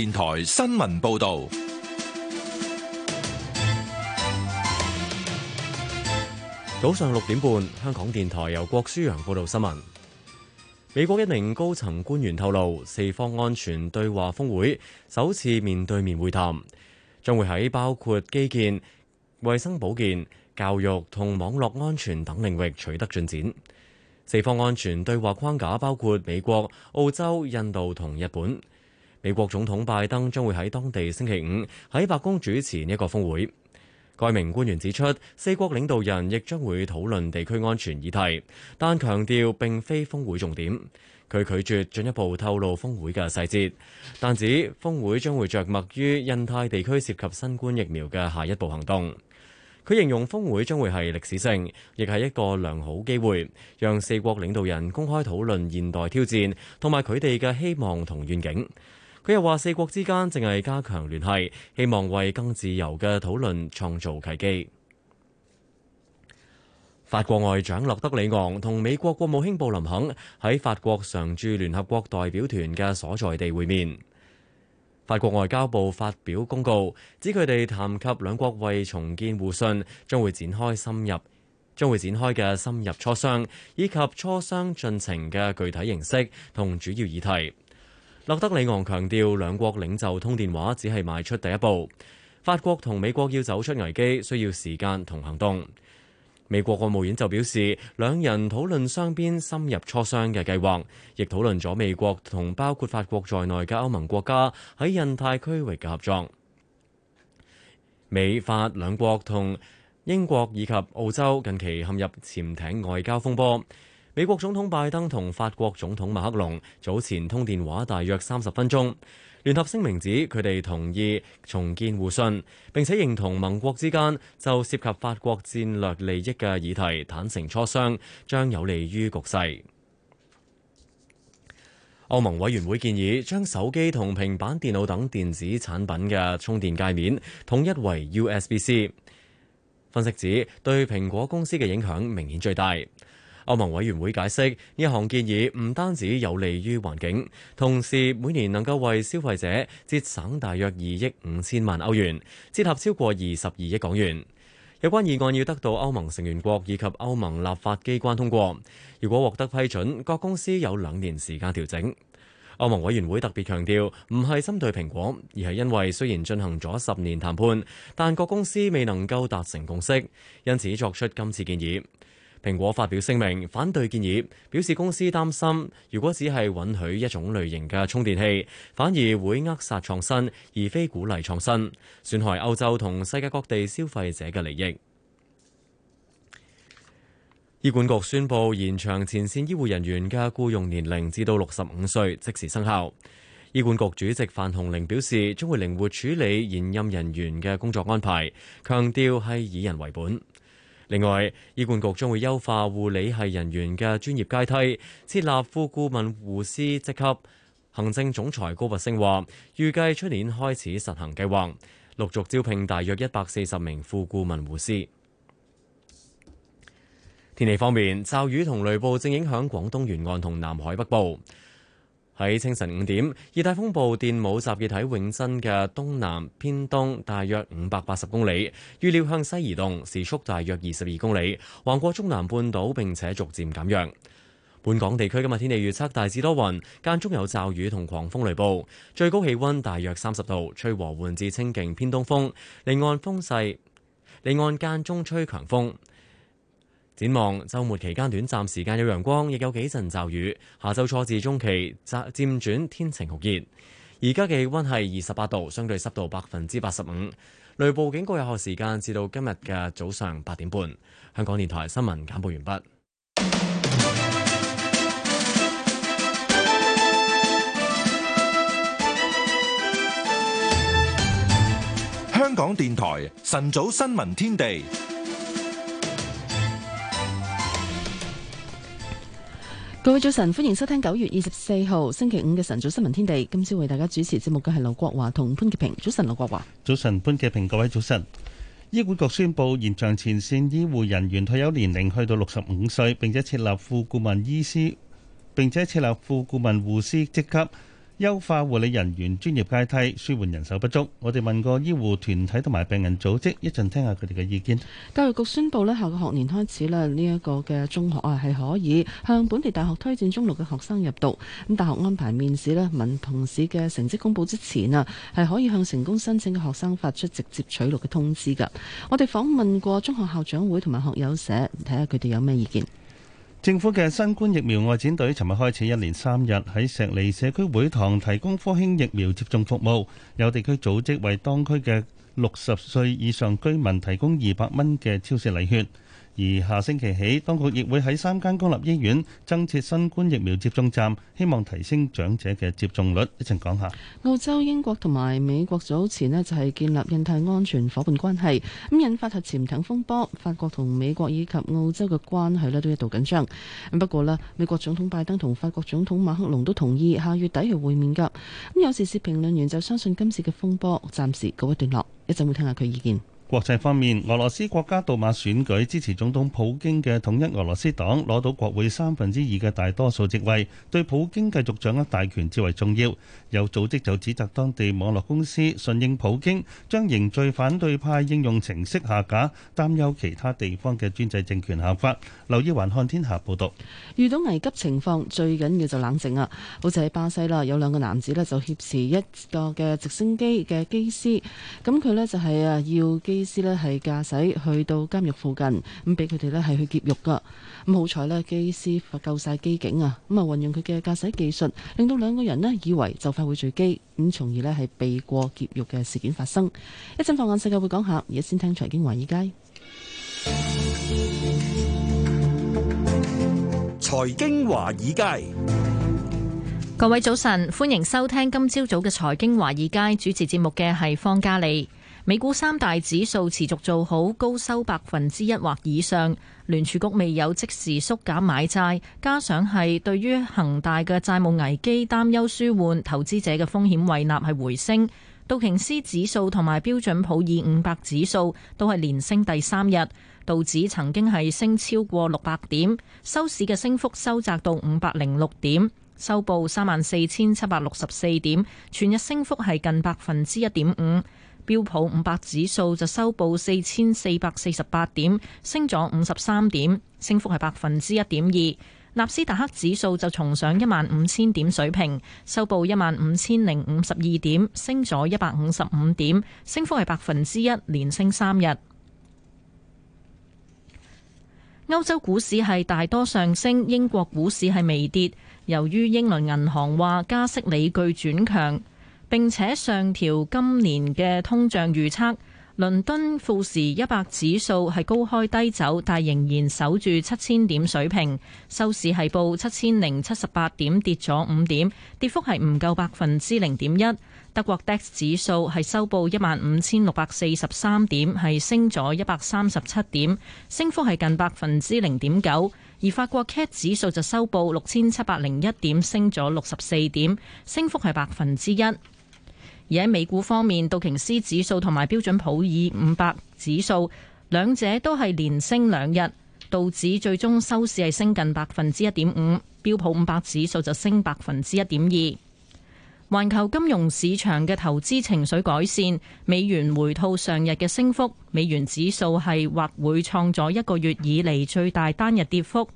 電台新聞報道，早上六點半，香港電台由郭舒揚報道新聞。美國一名高層官員透露，四方安全對話峰會首次面對面會談，將會喺包括基建、衛生保健、教育同網絡安全等領域取得進展。四方安全對話框架包括美國、澳洲、印度同日本。美國總統拜登將會喺當地星期五喺白宮主持一個峰會。該名官員指出，四國領導人亦將會討論地區安全議題，但強調並非峰會重點。佢拒絕進一步透露峰會嘅細節，但指峰會將會着墨於印太地區涉及新冠疫苗嘅下一步行動。佢形容峰會將會係歷史性，亦係一個良好機會，讓四國領導人公開討論現代挑戰，同埋佢哋嘅希望同願景。佢又話：四國之間淨係加強聯繫，希望為更自由嘅討論創造契機。法國外長勒德里昂同美國國務卿布林肯喺法國常駐聯合國代表團嘅所在地會面。法國外交部發表公告，指佢哋談及兩國為重建互信，將會展開深入，將會展開嘅深入磋商，以及磋商進程嘅具體形式同主要議題。勒德里昂強調，兩國領袖通電話只係邁出第一步。法國同美國要走出危機，需要時間同行動。美國國務院就表示，兩人討論雙邊深入磋商嘅計劃，亦討論咗美國同包括法國在內嘅歐盟國家喺印太區域嘅合作。美法兩國同英國以及澳洲近期陷入潛艇外交風波。美國總統拜登同法國總統馬克龍早前通電話大約三十分鐘，聯合聲明指佢哋同意重建互信，並且認同盟國之間就涉及法國戰略利益嘅議題坦誠磋商，將有利於局勢。歐盟委員會建議將手機同平板電腦等電子產品嘅充電界面統一為 USB-C。分析指對蘋果公司嘅影響明顯最大。歐盟委員會解釋，呢項建議唔單止有利於環境，同時每年能夠為消費者節省大約二億五千萬歐元，折合超過二十二億港元。有關議案要得到歐盟成員國以及歐盟立法機關通過，如果獲得批准，各公司有兩年時間調整。歐盟委員會特別強調，唔係針對蘋果，而係因為雖然進行咗十年談判，但各公司未能夠達成共識，因此作出今次建議。蘋果發表聲明反對建議，表示公司擔心，如果只係允許一種類型嘅充電器，反而會扼殺創新，而非鼓勵創新，損害歐洲同世界各地消費者嘅利益。醫管局宣布延長前線醫護人員嘅僱用年齡至到六十五歲，即時生效。醫管局主席范鴻齡表示，將會靈活處理現任人員嘅工作安排，強調係以人為本。另外，醫管局將會優化護理系人員嘅專業階梯，設立副顧問護師職級。行政總裁高拔陞話，預計出年開始實行計劃，陸續招聘大約一百四十名副顧問護師。天氣方面，驟雨同雷暴正影響廣東沿岸同南海北部。喺清晨五點，熱帶風暴電母集結喺永珍嘅東南偏東，大約五百八十公里，預料向西移動，時速大約二十二公里，橫過中南半島並且逐漸減弱。本港地區今日天氣預測大致多雲，間中有驟雨同狂風雷暴，最高氣温大約三十度，吹和緩至清勁偏東風，離岸風勢，離岸間中吹強風。展望周末期間短暫時間有陽光，亦有幾陣驟雨。下週初至中期漸轉天晴酷熱。而家嘅氣溫係二十八度，相對濕度百分之八十五。雷暴警告有效時間至到今日嘅早上八點半。香港電台新聞簡報完畢。香港電台晨早新聞天地。各位早晨，歡迎收聽九月二十四號星期五嘅晨早新聞天地。今朝為大家主持節目嘅係劉國華同潘潔平。早晨，劉國華。早晨，潘潔平。各位早晨。醫管局宣布延長前線醫護人員退休年齡去到六十五歲，並且設立副顧問醫師，並且設立副顧問護士職級。優化護理人員專業階梯，舒緩人手不足。我哋問過醫護團體同埋病人組織，一陣聽下佢哋嘅意見。教育局宣布咧，下個學年開始咧，呢一個嘅中學啊係可以向本地大學推薦中六嘅學生入讀。咁大學安排面試咧，文憑試嘅成績公布之前啊，係可以向成功申請嘅學生發出直接取錄嘅通知噶。我哋訪問過中學校長會同埋學友社，睇下佢哋有咩意見。政府嘅新冠疫苗外展隊尋日開始一連三日喺石籬社區會堂提供科興疫苗接種服務，有地區組織為當區嘅六十歲以上居民提供二百蚊嘅超市禮券。而下星期起，當局亦會喺三間公立醫院增設新冠疫苗接種站，希望提升長者嘅接種率。一陣講下澳洲、英國同埋美國早前呢就係建立印太安全伙伴關係，咁引發核潛艇風波。法國同美國以及澳洲嘅關係呢都一度緊張。不過呢，美國總統拜登同法國總統馬克龍都同意下月底係會面㗎。咁有時事評論員就相信今次嘅風波暫時告一段落。一陣會聽下佢意見。國際方面，俄羅斯國家杜馬選舉，支持總統普京嘅統一俄羅斯黨攞到國會三分之二嘅大多數席位，對普京繼續掌握大權至為重要。有組織就指責當地網絡公司順應普京，將凝聚反對派應用程式下架，擔憂其他地方嘅專制政權效法。留意環看天下報道。遇到危急情況最緊要就冷靜啊！好似喺巴西啦，有兩個男子呢，就挾持一個嘅直升機嘅機師，咁佢呢，就係啊要機。機師咧，係駕駛去到監獄附近，咁俾佢哋咧，係去劫獄噶咁好彩咧，機師夠晒機警啊！咁啊，運用佢嘅駕駛技術，令到兩個人咧以為就快會墜機，咁從而咧，係避過劫獄嘅事件發生。一陣放眼世界會講下，而家先聽財經華爾街。財經華爾街，各位早晨，歡迎收聽今朝早嘅財經華爾街。主持節目嘅係方嘉莉。美股三大指數持續做好，高收百分之一或以上。聯儲局未有即時縮減買債，加上係對於恒大嘅債務危機擔憂舒緩，投資者嘅風險胃納係回升。道瓊斯指數同埋標準普爾五百指數都係連升第三日，道指曾經係升超過六百點，收市嘅升幅收窄到五百零六點，收報三萬四千七百六十四點，全日升幅係近百分之一點五。標普五百指數就收報四千四百四十八點，升咗五十三點，升幅係百分之一點二。納斯達克指數就重上一萬五千點水平，收報一萬五千零五十二點，升咗一百五十五點，升幅係百分之一，連升三日。歐洲股市係大多上升，英國股市係微跌，由於英倫銀行話加息理據轉強。並且上調今年嘅通脹預測。倫敦富時一百指數係高開低走，但仍然守住七千點水平。收市係報七千零七十八點，跌咗五點，跌幅係唔夠百分之零點一。德國 DAX 指數係收報一萬五千六百四十三點，係升咗一百三十七點，升幅係近百分之零點九。而法國 CAC 指數就收報六千七百零一點，升咗六十四點，升幅係百分之一。而喺美股方面，道瓊斯指數同埋標準普爾五百指數兩者都係連升兩日，道指最終收市係升近百分之一點五，標普五百指數就升百分之一點二。環球金融市場嘅投資情緒改善，美元回吐上日嘅升幅，美元指數係或會創咗一個月以嚟最大單日跌幅。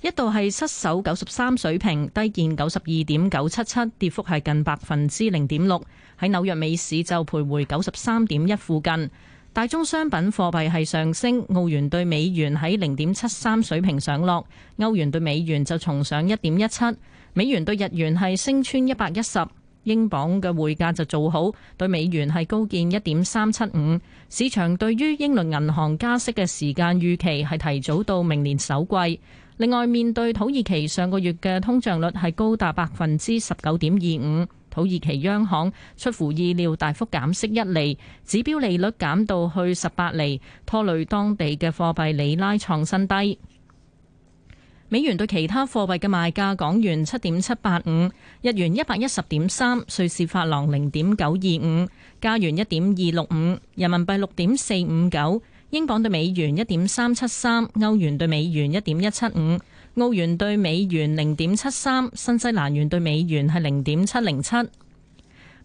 一度係失守九十三水平，低見九十二點九七七，跌幅係近百分之零點六。喺紐約美市就徘徊九十三點一附近。大宗商品貨幣係上升，澳元對美元喺零點七三水平上落，歐元對美元就重上一點一七，美元對日元係升穿一百一十。英鎊嘅匯價就做好，對美元係高見一點三七五。市場對於英倫銀行加息嘅時間預期係提早到明年首季。另外，面對土耳其上個月嘅通脹率係高達百分之十九點二五，土耳其央行出乎意料大幅減息一釐，指標利率減到去十八釐，拖累當地嘅貨幣里拉創新低。美元對其他貨幣嘅賣價：港元七點七八五，日元一百一十點三，瑞士法郎零點九二五，加元一點二六五，人民幣六點四五九。英鎊對美元一點三七三，歐元對美元一點一七五，澳元對美元零點七三，新西蘭元對美元係零點七零七。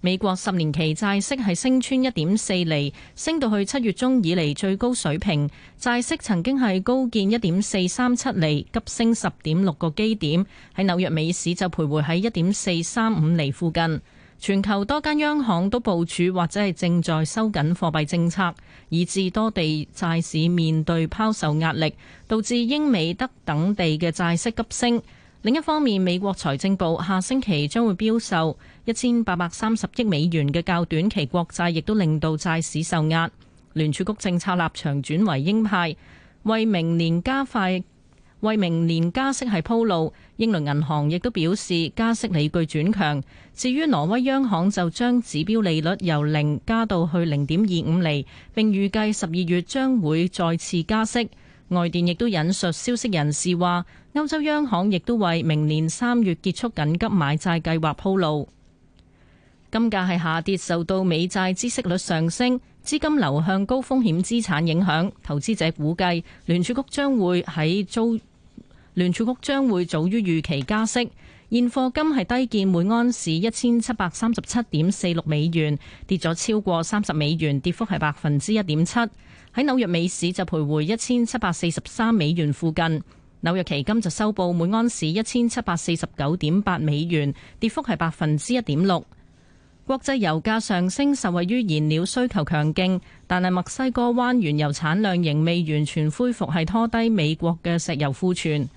美國十年期債息係升穿一點四厘，升到去七月中以嚟最高水平。債息曾經係高見一點四三七厘，急升十點六個基點，喺紐約美市就徘徊喺一點四三五厘附近。全球多間央行都部署或者係正在收緊貨幣政策，以致多地債市面對拋售壓力，導致英美德等地嘅債息急升。另一方面，美國財政部下星期將會標售一千八百三十億美元嘅較短期國債，亦都令到債市受壓，聯儲局政策立場轉為鷹派，為明年加快。為明年加息係鋪路，英倫銀行亦都表示加息理據轉強。至於挪威央行就將指標利率由零加到去零點二五厘，並預計十二月將會再次加息。外電亦都引述消息人士話，歐洲央行亦都為明年三月結束緊急買債計劃鋪路。金價係下跌，受到美債孳息率上升、資金流向高風險資產影響。投資者估計，聯儲局將會喺租聯儲局將會早於預期加息。現貨金係低見每安士一千七百三十七點四六美元，跌咗超過三十美元，跌幅係百分之一點七。喺紐約美市就徘徊一千七百四十三美元附近。紐約期金就收報每安士一千七百四十九點八美元，跌幅係百分之一點六。國際油價上升，受惠於燃料需求強勁，但係墨西哥灣原油產量仍未完全恢復，係拖低美國嘅石油庫存。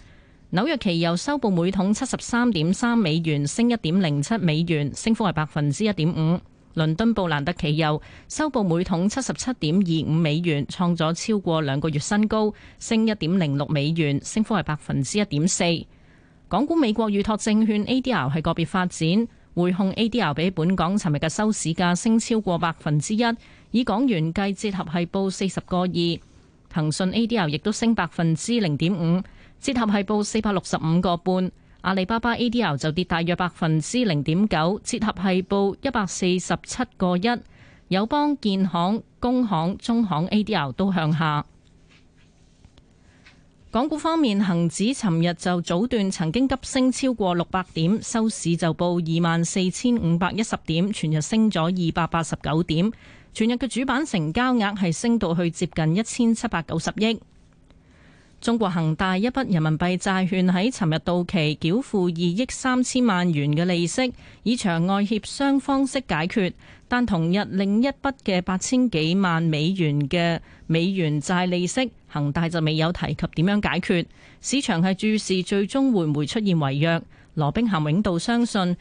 紐約期油收報每桶七十三點三美元，升一點零七美元，升幅係百分之一點五。倫敦布蘭德期油收報每桶七十七點二五美元，創咗超過兩個月新高，升一點零六美元，升幅係百分之一點四。港股美國預託證券 ADR 係個別發展，匯控 ADR 比本港尋日嘅收市價升超過百分之一，以港元計，折合係報四十個二。騰訊 ADR 亦都升百分之零點五。折合係報四百六十五個半，阿里巴巴 ADR 就跌大約百分之零點九，折合係報一百四十七個一，友邦、建行、工行、中行 ADR 都向下。港股方面，恒指尋日就早段曾經急升超過六百點，收市就報二萬四千五百一十點，全日升咗二百八十九點，全日嘅主板成交額係升到去接近一千七百九十億。中國恒大一筆人民幣債券喺尋日到期繳付二億三千萬元嘅利息，以場外協商方式解決，但同日另一筆嘅八千幾萬美元嘅美元債利息，恒大就未有提及點樣解決，市場係注視最終會唔會出現違約。羅兵咸永道相信，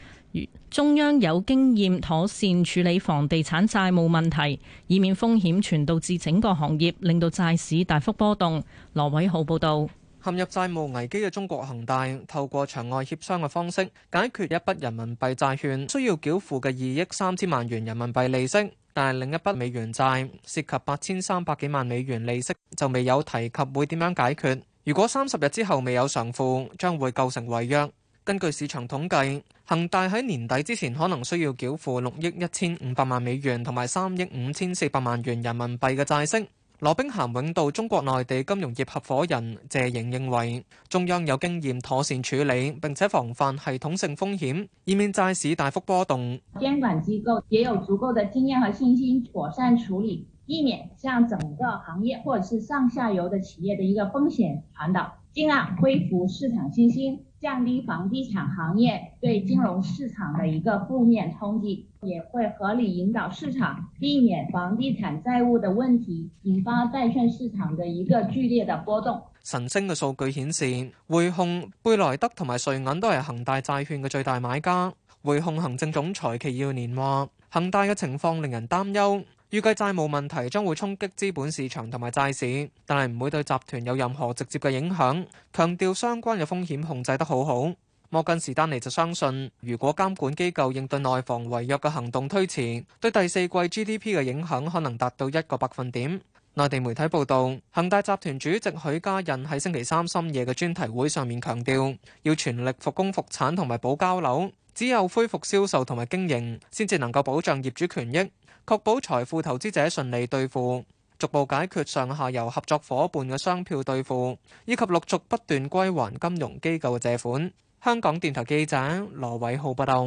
中央有經驗妥善處理房地產債務問題，以免風險傳導至整個行業令到債市大幅波動，羅偉浩報道。陷入債務危機嘅中國恒大，透過場外協商嘅方式解決一筆人民幣債券需要繳付嘅二億三千萬元人民幣利息，但係另一筆美元債涉及八千三百幾萬美元利息，就未有提及會點樣解決，如果三十日之後未有償付，將會構成違約。根據市場統計，恒大喺年底之前可能需要繳付六億一千五百萬美元同埋三億五千四百萬元人民幣嘅債息。羅兵咸永道中國內地金融業合伙人謝瑩認為，中央有經驗妥善處理並且防範系統性風險，以免債市大幅波動。監管機構也有足夠的經驗和信心妥善處理，避免向整個行業或者是上下游的企業的一個風險傳導，盡量恢復市場信心。降低房地產行業對金融市場嘅一個負面衝擊，也會合理引導市場，避免房地產債務嘅問題引發債券市場嘅一個劇烈嘅波動。晨星嘅數據顯示，匯控、貝萊德同埋瑞銀都係恒大債券嘅最大買家。匯控行政總裁祁耀年話，恒大嘅情況令人擔憂。預計債務問題將會衝擊資本市場同埋債市，但係唔會對集團有任何直接嘅影響。強調相關嘅風險控制得好好。摩根士丹利就相信，如果監管機構應對內房違約嘅行動推遲，對第四季 GDP 嘅影響可能達到一個百分點。內地媒體報道，恒大集團主席許家印喺星期三深夜嘅專題會上面強調，要全力復工復產同埋保交樓，只有恢復銷售同埋經營，先至能夠保障業主權益。確保財富投資者順利兌付，逐步解決上下游合作夥伴嘅商票兌付，以及陸續不斷歸還金融機構嘅借款。香港電台記者羅偉浩報道。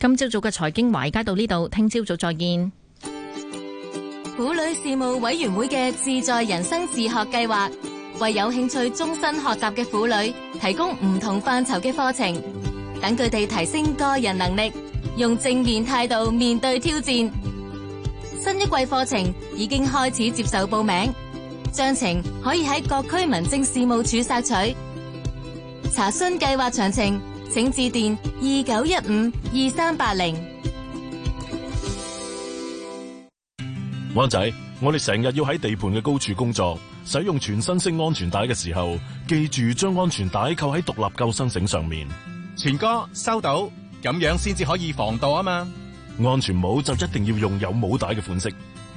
今朝早嘅財經華爾街到呢度，聽朝早再見。婦女事務委員會嘅自在人生自學計劃，為有興趣終身學習嘅婦女提供唔同範疇嘅課程，等佢哋提升個人能力，用正面態度面對挑戰。新一季課程已經開始接受報名，詳情可以喺各區民政事務署索取。查詢計劃詳情，請致電二九一五二三八零。灣仔，我哋成日要喺地盤嘅高處工作，使用全身式安全帶嘅時候，記住將安全帶扣喺獨立救生繩上面。全哥收到，咁樣先至可以防墮啊嘛。安全帽就一定要用有帽帶嘅款式，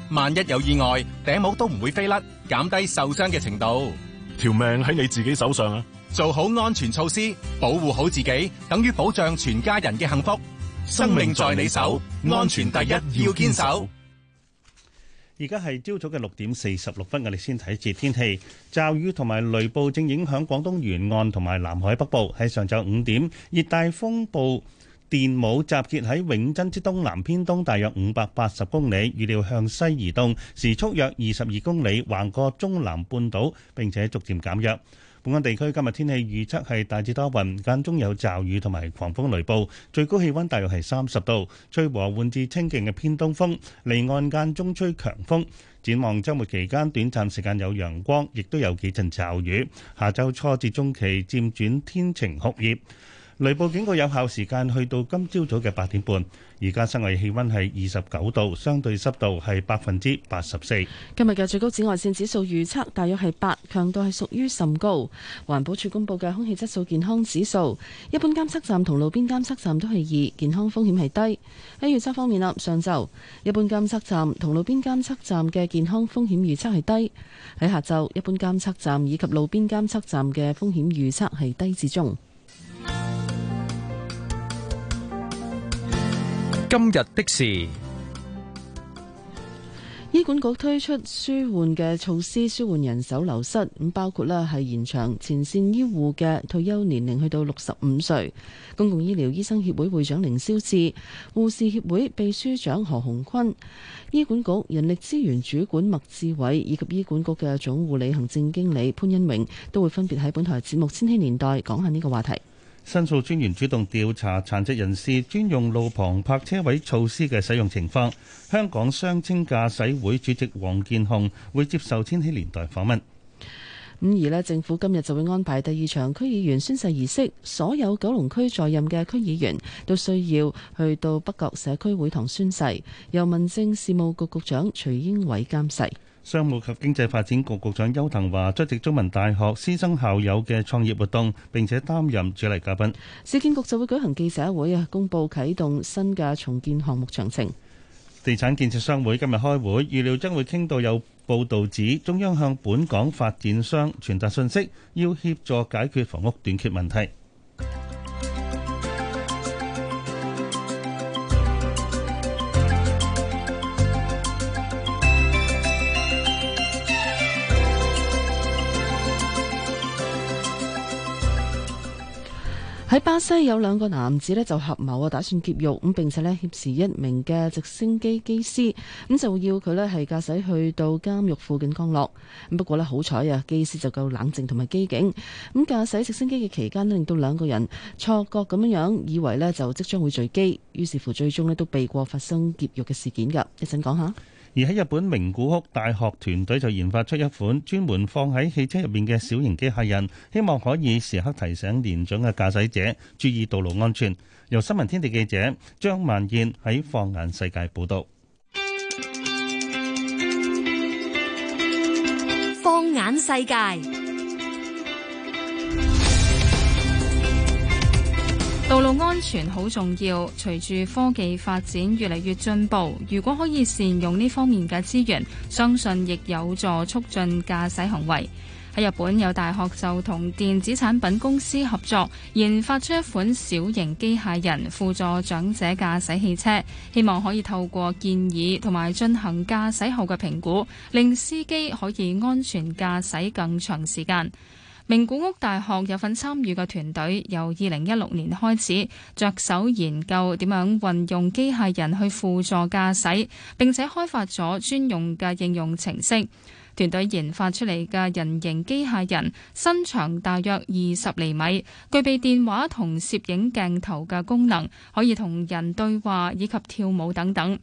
萬一有意外，頂帽都唔會飛甩，減低受傷嘅程度。條命喺你自己手上啊！做好安全措施，保護好自己，等於保障全家人嘅幸福。生命在你手，安全第一，要堅守。而家係朝早嘅六點四十六分，我哋先睇一節天氣。驟雨同埋雷暴正影響廣東沿岸同埋南海北部。喺上晝五點，熱帶風暴，電母集結喺永珍之東南偏東，大約五百八十公里，預料向西移動，時速約二十二公里，橫過中南半島，並且逐漸減弱。本港地區今日天氣預測係大致多雲，間中有驟雨同埋狂風雷暴，最高氣溫大約係三十度，吹和緩至清勁嘅偏東風，離岸間中吹強風。展望周末期間，短暫時間有陽光，亦都有幾陣驟雨。下周初至中期漸轉天晴酷熱。雷暴警告有效時間去到今朝早嘅八點半。而家室外氣溫係二十九度，相對濕度係百分之八十四。今日嘅最高紫外線指數預測大約係八，強度係屬於甚高。環保署公布嘅空氣質素健康指數，一般監測站同路邊監測站都係二，健康風險係低。喺預測方面啦，上晝一般監測站同路邊監測站嘅健康風險預測係低；喺下晝一般監測站以及路邊監測站嘅風險預測係低至中。今日的事，醫管局推出舒緩嘅措施，舒緩人手流失。咁包括咧，係延長前線醫護嘅退休年齡去到六十五歲。公共醫療醫生協會會長凌霄志、護士協會秘書長何鴻坤、醫管局人力資源主管麥志偉以及醫管局嘅總護理行政經理潘恩榮都會分別喺本台節目《千禧年代》講下呢個話題。申訴專員主動調查殘疾人士專用路旁泊車位措施嘅使用情況。香港雙清駕駛會主席黃建雄會接受千禧年代訪問。咁而呢，政府今日就會安排第二場區議員宣誓儀式，所有九龍區在任嘅區議員都需要去到北角社區會堂宣誓，由民政事務局局，局長徐英偉監誓。商務及經濟發展局局長邱騰華出席中文大學師生校友嘅創業活動，並且擔任主禮嘉賓。市建局就會舉行記者會啊，公布啟動新嘅重建項目詳情。地產建設商會今日開會，預料將會傾到有報道指中央向本港發展商傳達信息，要協助解決房屋短缺問題。喺巴西有兩個男子呢就合謀啊，打算劫獄咁，並且呢挾持一名嘅直升機機師咁、嗯、就要佢呢係駕駛去到監獄附近降落。咁、嗯、不過呢好彩啊，機師就夠冷靜同埋機警咁駕駛直升機嘅期間呢，令到兩個人錯覺咁樣以為呢就即將會墜機，於是乎最終呢都避過發生劫獄嘅事件噶。一陣講下。而喺日本名古屋大學團隊就研發出一款專門放喺汽車入面嘅小型機械人，希望可以時刻提醒年長嘅駕駛者注意道路安全。由新聞天地記者張萬燕喺放眼世界報道。放眼世界。報導放眼世界。道路安全好重要，隨住科技發展越嚟越進步，如果可以善用呢方面嘅資源，相信亦有助促進駕駛行為。喺日本有大學就同電子產品公司合作，研發出一款小型機械人輔助長者駕駛汽車，希望可以透過建議同埋進行駕駛後嘅評估，令司機可以安全駕駛更長時間。名古屋大學有份參與嘅團隊，由二零一六年開始，着手研究點樣運用機械人去輔助駕駛，並且開發咗專用嘅應用程式。團隊研發出嚟嘅人形機械人身長大約二十厘米，具備電話同攝影鏡頭嘅功能，可以同人對話以及跳舞等等。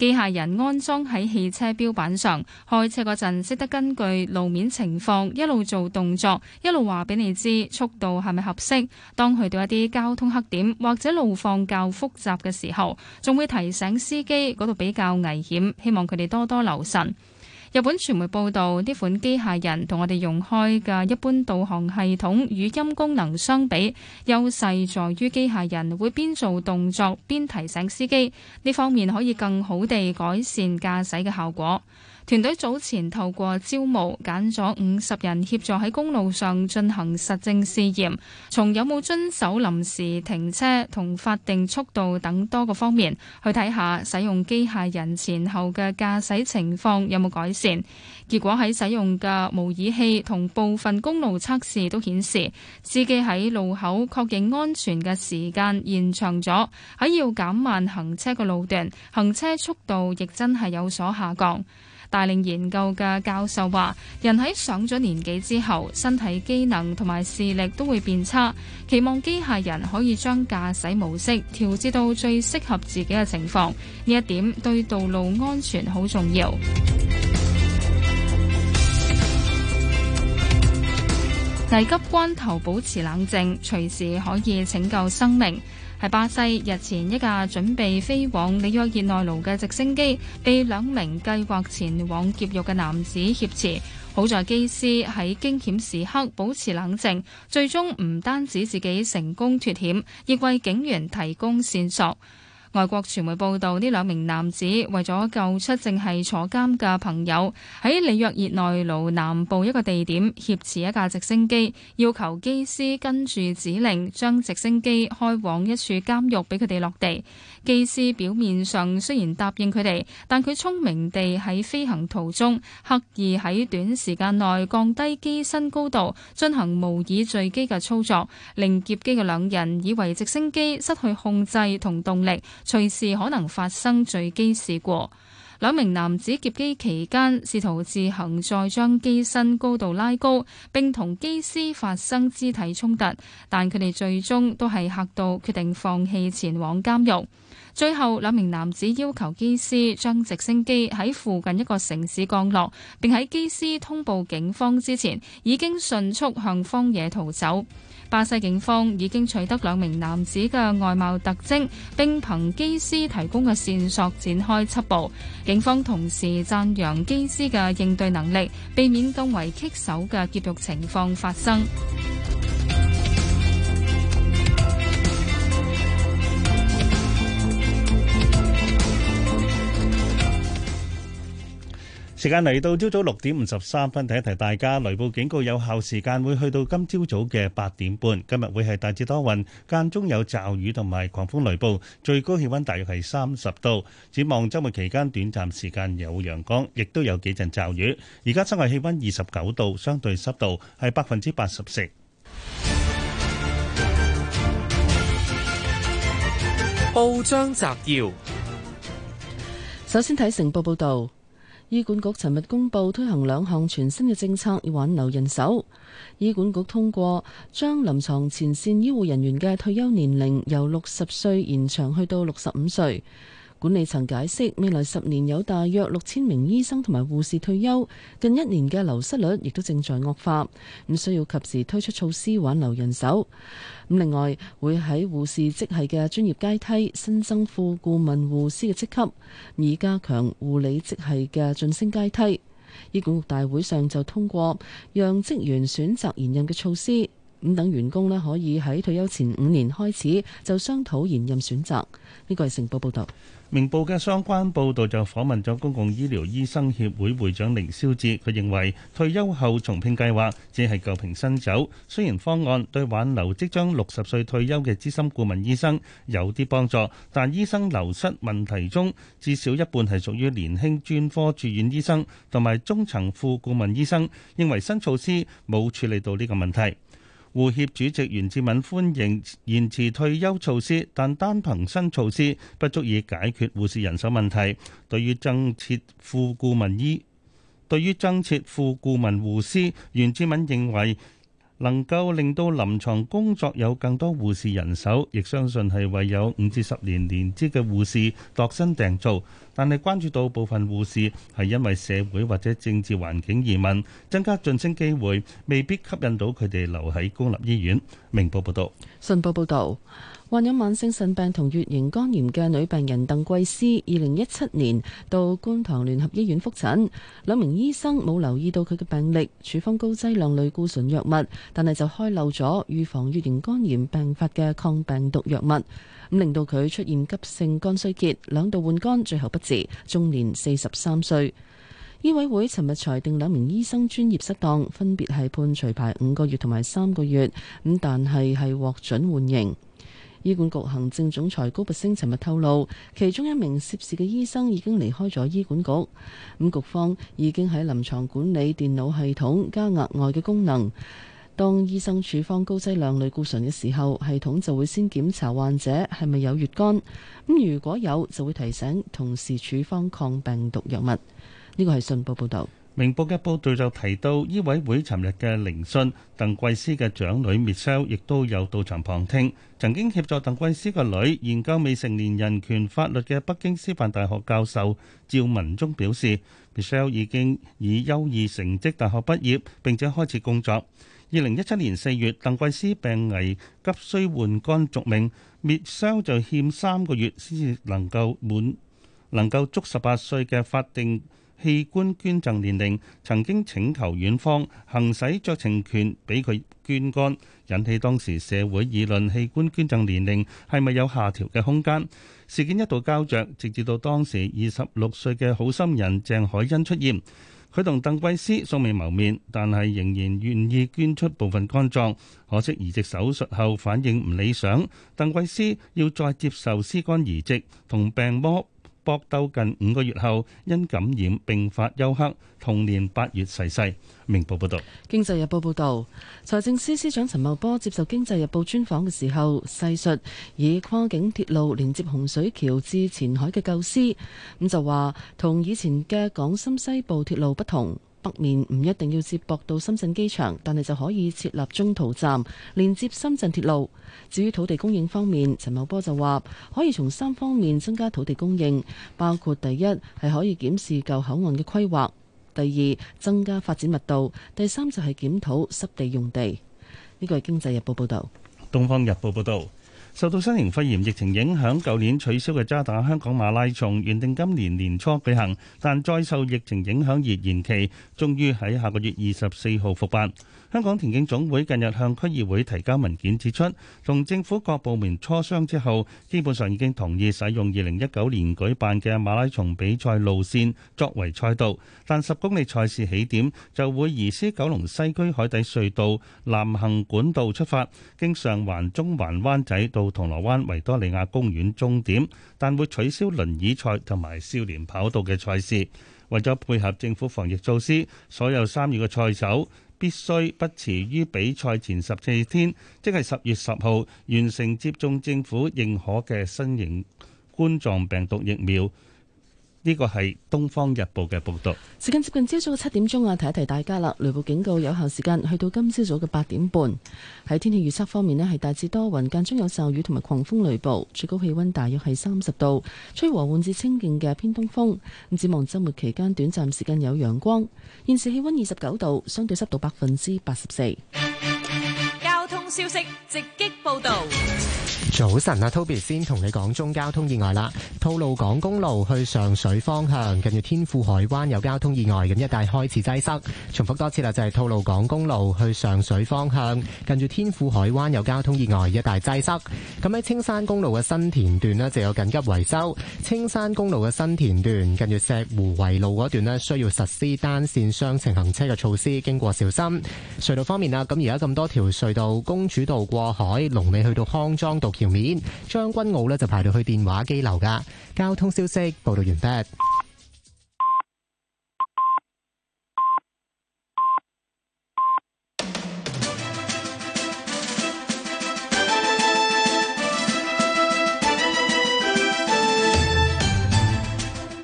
機械人安裝喺汽車標板上，開車嗰陣識得根據路面情況一路做動作，一路話俾你知速度係咪合適。當去到一啲交通黑點或者路況較複雜嘅時候，仲會提醒司機嗰度比較危險，希望佢哋多多留神。日本傳媒報導，呢款機械人同我哋用開嘅一般導航系統語音功能相比，優勢在於機械人會邊做動作，邊提醒司機，呢方面可以更好地改善駕駛嘅效果。團隊早前透過招募揀咗五十人協助喺公路上進行實證試驗，從有冇遵守臨時停車同法定速度等多個方面去睇下使用機械人前後嘅駕駛情況有冇改善。結果喺使用嘅模擬器同部分公路測試都顯示，司機喺路口確認安全嘅時間延長咗，喺要減慢行車嘅路段，行車速度亦真係有所下降。帶領研究嘅教授話，人喺上咗年紀之後，身體機能同埋視力都會變差，期望機械人可以將駕駛模式調節到最適合自己嘅情況，呢一點對道路安全好重要。危 急關頭保持冷靜，隨時可以拯救生命。係巴西，日前一架準備飛往里約熱內盧嘅直升機被兩名計劃前往劫獄嘅男子挾持，好在機師喺驚險時刻保持冷靜，最終唔單止自己成功脫險，亦為警員提供線索。外國傳媒報道，呢兩名男子為咗救出正係坐監嘅朋友，喺里約熱內盧南部一個地點挾持一架直升機，要求機師跟住指令，將直升機開往一處監獄俾佢哋落地。機師表面上雖然答應佢哋，但佢聰明地喺飛行途中刻意喺短時間內降低機身高度，進行模擬墜機嘅操作，令劫機嘅兩人以為直升機失去控制同動力，隨時可能發生墜機事故。兩名男子劫機期間試圖自行再將機身高度拉高，並同機師發生肢體衝突，但佢哋最終都係嚇到決定放棄前往監獄。最後，兩名男子要求機師將直升機喺附近一個城市降落，並喺機師通報警方之前，已經迅速向荒野逃走。巴西警方已經取得兩名男子嘅外貌特徵，並憑機師提供嘅線索展開緝捕。警方同時讚揚機師嘅應對能力，避免更為棘手嘅劫獄情況發生。時間嚟到朝早六點五十三分，第一題大家雷暴警告有效時間會去到今朝早嘅八點半。今日會係大致多雲，間中有驟雨同埋狂風雷暴，最高氣溫大約係三十度。展望周末期間短暫時間有陽光，亦都有幾陣驟雨。而家室外氣溫二十九度，相對濕度係百分之八十四。報章摘要，首先睇成報報道。醫管局尋日公布推行兩項全新嘅政策，要挽留人手。醫管局通過將臨牀前線醫護人員嘅退休年齡由六十歲延長去到六十五歲。管理層解釋，未來十年有大約六千名醫生同埋護士退休，近一年嘅流失率亦都正在惡化，咁需要及時推出措施挽留人手。咁另外會喺護士職系嘅專業階梯新增副顧問護師嘅職級，以加強護理職系嘅晉升階梯。醫管局大會上就通過讓職員選擇延任嘅措施，咁等員工咧可以喺退休前五年開始就商討延任選擇。呢、呢個係成報報導。明報嘅相關報導就訪問咗公共醫療醫生協會會長凌霄志，佢認為退休後重聘計劃只係舊瓶新酒，雖然方案對挽留即將六十歲退休嘅資深顧問醫生有啲幫助，但醫生流失問題中至少一半係屬於年輕專科住院醫生同埋中層副顧問醫生，認為新措施冇處理到呢個問題。護協主席袁志敏歡迎延遲退休措施，但單憑新措施不足以解決護士人手問題。對於增設副顧問醫，對於增設副顧問護師，袁志敏認為。能夠令到臨床工作有更多護士人手，亦相信係為有五至十年年資嘅護士度身訂造。但係關注到部分護士係因為社會或者政治環境移民，增加晉升機會，未必吸引到佢哋留喺公立醫院。明報報道。信報報導。患有慢性腎病同乙型肝炎嘅女病人鄧桂思二零一七年到觀塘聯合醫院複診，兩名醫生冇留意到佢嘅病歷，處方高劑量類固醇藥物，但係就開漏咗預防乙型肝炎病發嘅抗病毒藥物，咁令到佢出現急性肝衰竭，兩度換肝，最後不治，終年四十三歲。醫委會尋日裁定兩名醫生專業失當，分別係判除牌五個月同埋三個月，咁但係係獲准緩刑。醫管局行政總裁高拔陞尋日透露，其中一名涉事嘅醫生已經離開咗醫管局。咁局方已經喺臨床管理電腦系統加額外嘅功能，當醫生處方高劑量類固醇嘅時候，系統就會先檢查患者係咪有乙肝。咁如果有，就會提醒同時處方抗病毒藥物。呢個係信報報道。明報嘅報導就提到，醫委會尋日嘅聆訊，鄧桂思嘅長女 Michelle 亦都有到場旁聽。曾經協助鄧桂思嘅女研究未成年人權法律嘅北京師範大學教授趙文忠表示，Michelle 已經以優異成績大學畢業，並且開始工作。二零一七年四月，鄧桂思病危，急需換肝續命，Michelle 就欠三個月先至能夠滿能夠足十八歲嘅法定。器官捐贈年齡，曾經請求院方行使酌情權俾佢捐肝，引起當時社會議論。器官捐贈年齡係咪有下調嘅空間？事件一度膠着，直至到當時二十六歲嘅好心人鄭海欣出現，佢同鄧桂思素未謀面，但係仍然願意捐出部分肝臟。可惜移植手術後反應唔理想，鄧桂思要再接受屍肝移植同病魔搏鬥近五個月後，因感染並發休克，同年八月逝世。明報報導。經濟日報報道，財政司司長陳茂波接受經濟日報專訪嘅時候，細述以跨境鐵路連接洪水橋至前海嘅構思，咁就話同以前嘅港深西部鐵路不同。北面唔一定要接駁到深圳機場，但係就可以設立中途站連接深圳鐵路。至於土地供應方面，陳茂波就話，可以從三方面增加土地供應，包括第一係可以檢視舊口岸嘅規劃，第二增加發展密度，第三就係檢討濕地用地。呢個係經濟日報報道，東方日報報道。受到新型肺炎疫情影響，舊年取消嘅渣打香港馬拉松原定今年年初舉行，但再受疫情影響而延期，終於喺下個月二十四號復辦。香港田徑總會近日向區議會提交文件，指出同政府各部門磋商之後，基本上已經同意使用二零一九年舉辦嘅馬拉松比賽路線作為賽道，但十公里賽事起點就會移師九龍西區海底隧道南行管道出發，經上環、中環、灣仔到銅鑼灣維多利亞公園終點，但會取消輪椅賽同埋少年跑道嘅賽事。為咗配合政府防疫措施，所有參與嘅賽手，必須不遲於比賽前十四天，即係十月十號，完成接種政府認可嘅新型冠狀病毒疫苗。呢個係《東方日報》嘅報道。時間接近朝早嘅七點鐘啊，提一提大家啦。雷暴警告有效時間去到今朝早嘅八點半。喺天氣預測方面呢，係大致多雲，間中有驟雨同埋狂風雷暴。最高氣溫大約係三十度，吹和緩至清勁嘅偏東風。咁展望周末期間，短暫時間有陽光。現時氣溫二十九度，相對濕度百分之八十四。交通消息，直擊報道。早晨啊，Toby 先同你講中交通意外啦。吐露港公路去上水方向，近住天賦海灣有交通意外，咁一帶開始擠塞。重複多次啦，就係吐露港公路去上水方向，近住天賦海灣有交通意外，一帶擠塞。咁喺青山公路嘅新田段呢，就有緊急維修。青山公路嘅新田段，近住石湖圍路嗰段呢，需要實施單綫雙程行車嘅措施，經過小心。隧道方面啊，咁而家咁多條隧道，公主道過海，龍尾去到康莊道橋。面將軍澳呢就排到去電話機樓噶，交通消息報道完畢。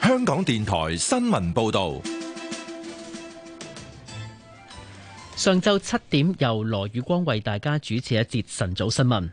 香港電台新聞報道，上晝七點由羅宇光為大家主持一節晨早新聞。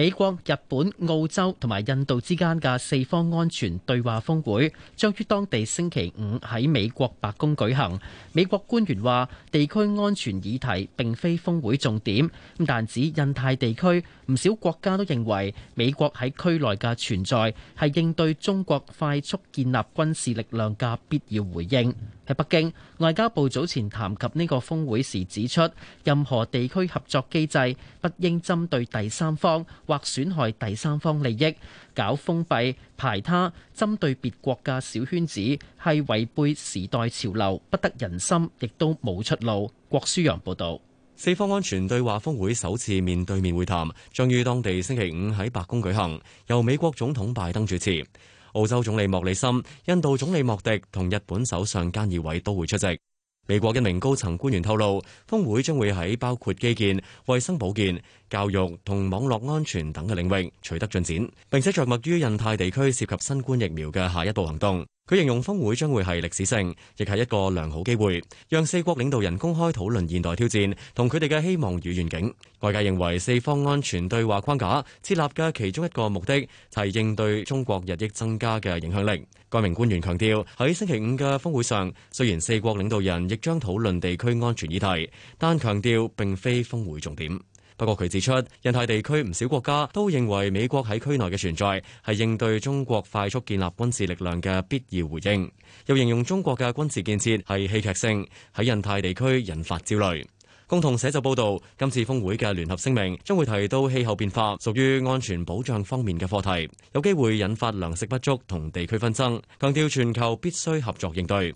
美國、日本、澳洲同埋印度之間嘅四方安全對話峰會將於當地星期五喺美國白宮舉行。美國官員話，地區安全議題並非峰會重點，但指印太地區唔少國家都認為美國喺區內嘅存在係應對中國快速建立軍事力量嘅必要回應。喺北京，外交部早前談及呢個峰會時指出，任何地區合作機制，不應針對第三方或損害第三方利益，搞封閉排他、針對別國嘅小圈子，係違背時代潮流，不得人心，亦都冇出路。郭書陽報道，四方安全對話峰會首次面對面會談，將於當地星期五喺白宮舉行，由美國總統拜登主持。澳洲總理莫里森、印度總理莫迪同日本首相菅義偉都會出席。美國一名高層官員透露，峰會將會喺包括基建、衛生保健、教育同網絡安全等嘅領域取得進展，並且着墨於印太地區涉及新冠疫苗嘅下一步行動。佢形容峰會將會係歷史性，亦係一個良好機會，讓四國領導人公開討論現代挑戰同佢哋嘅希望與願景。外界認為四方安全對話框架設立嘅其中一個目的就係應對中國日益增加嘅影響力。該名官員強調，喺星期五嘅峰會上，雖然四國領導人亦將討論地區安全議題，但強調並非峰會重點。不過，佢指出，印太地區唔少國家都認為美國喺區內嘅存在係應對中國快速建立軍事力量嘅必要回應。又形容中國嘅軍事建設係戲劇性，喺印太地區引發焦慮。共同社就報導，今次峰會嘅聯合聲明將會提到氣候變化屬於安全保障方面嘅課題，有機會引發糧食不足同地區紛爭，強調全球必須合作應對。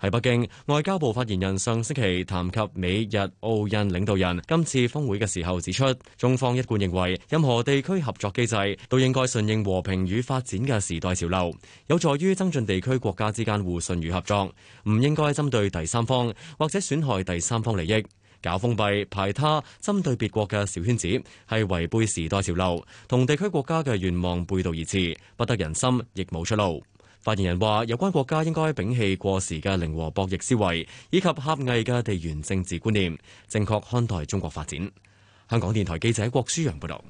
喺北京，外交部發言人上星期談及美日澳印領導人今次峰會嘅時候指出，中方一貫認為任何地區合作機制都應該順應和平與發展嘅時代潮流，有助於增進地區國家之間互信與合作，唔應該針對第三方或者損害第三方利益，搞封閉排他、針對別國嘅小圈子，係違背時代潮流，同地區國家嘅願望背道而馳，不得人心，亦冇出路。發言人話：有關國家應該摒棄過時嘅零和博弈思維以及狹隘嘅地緣政治觀念，正確看待中國發展。香港電台記者郭舒陽報道。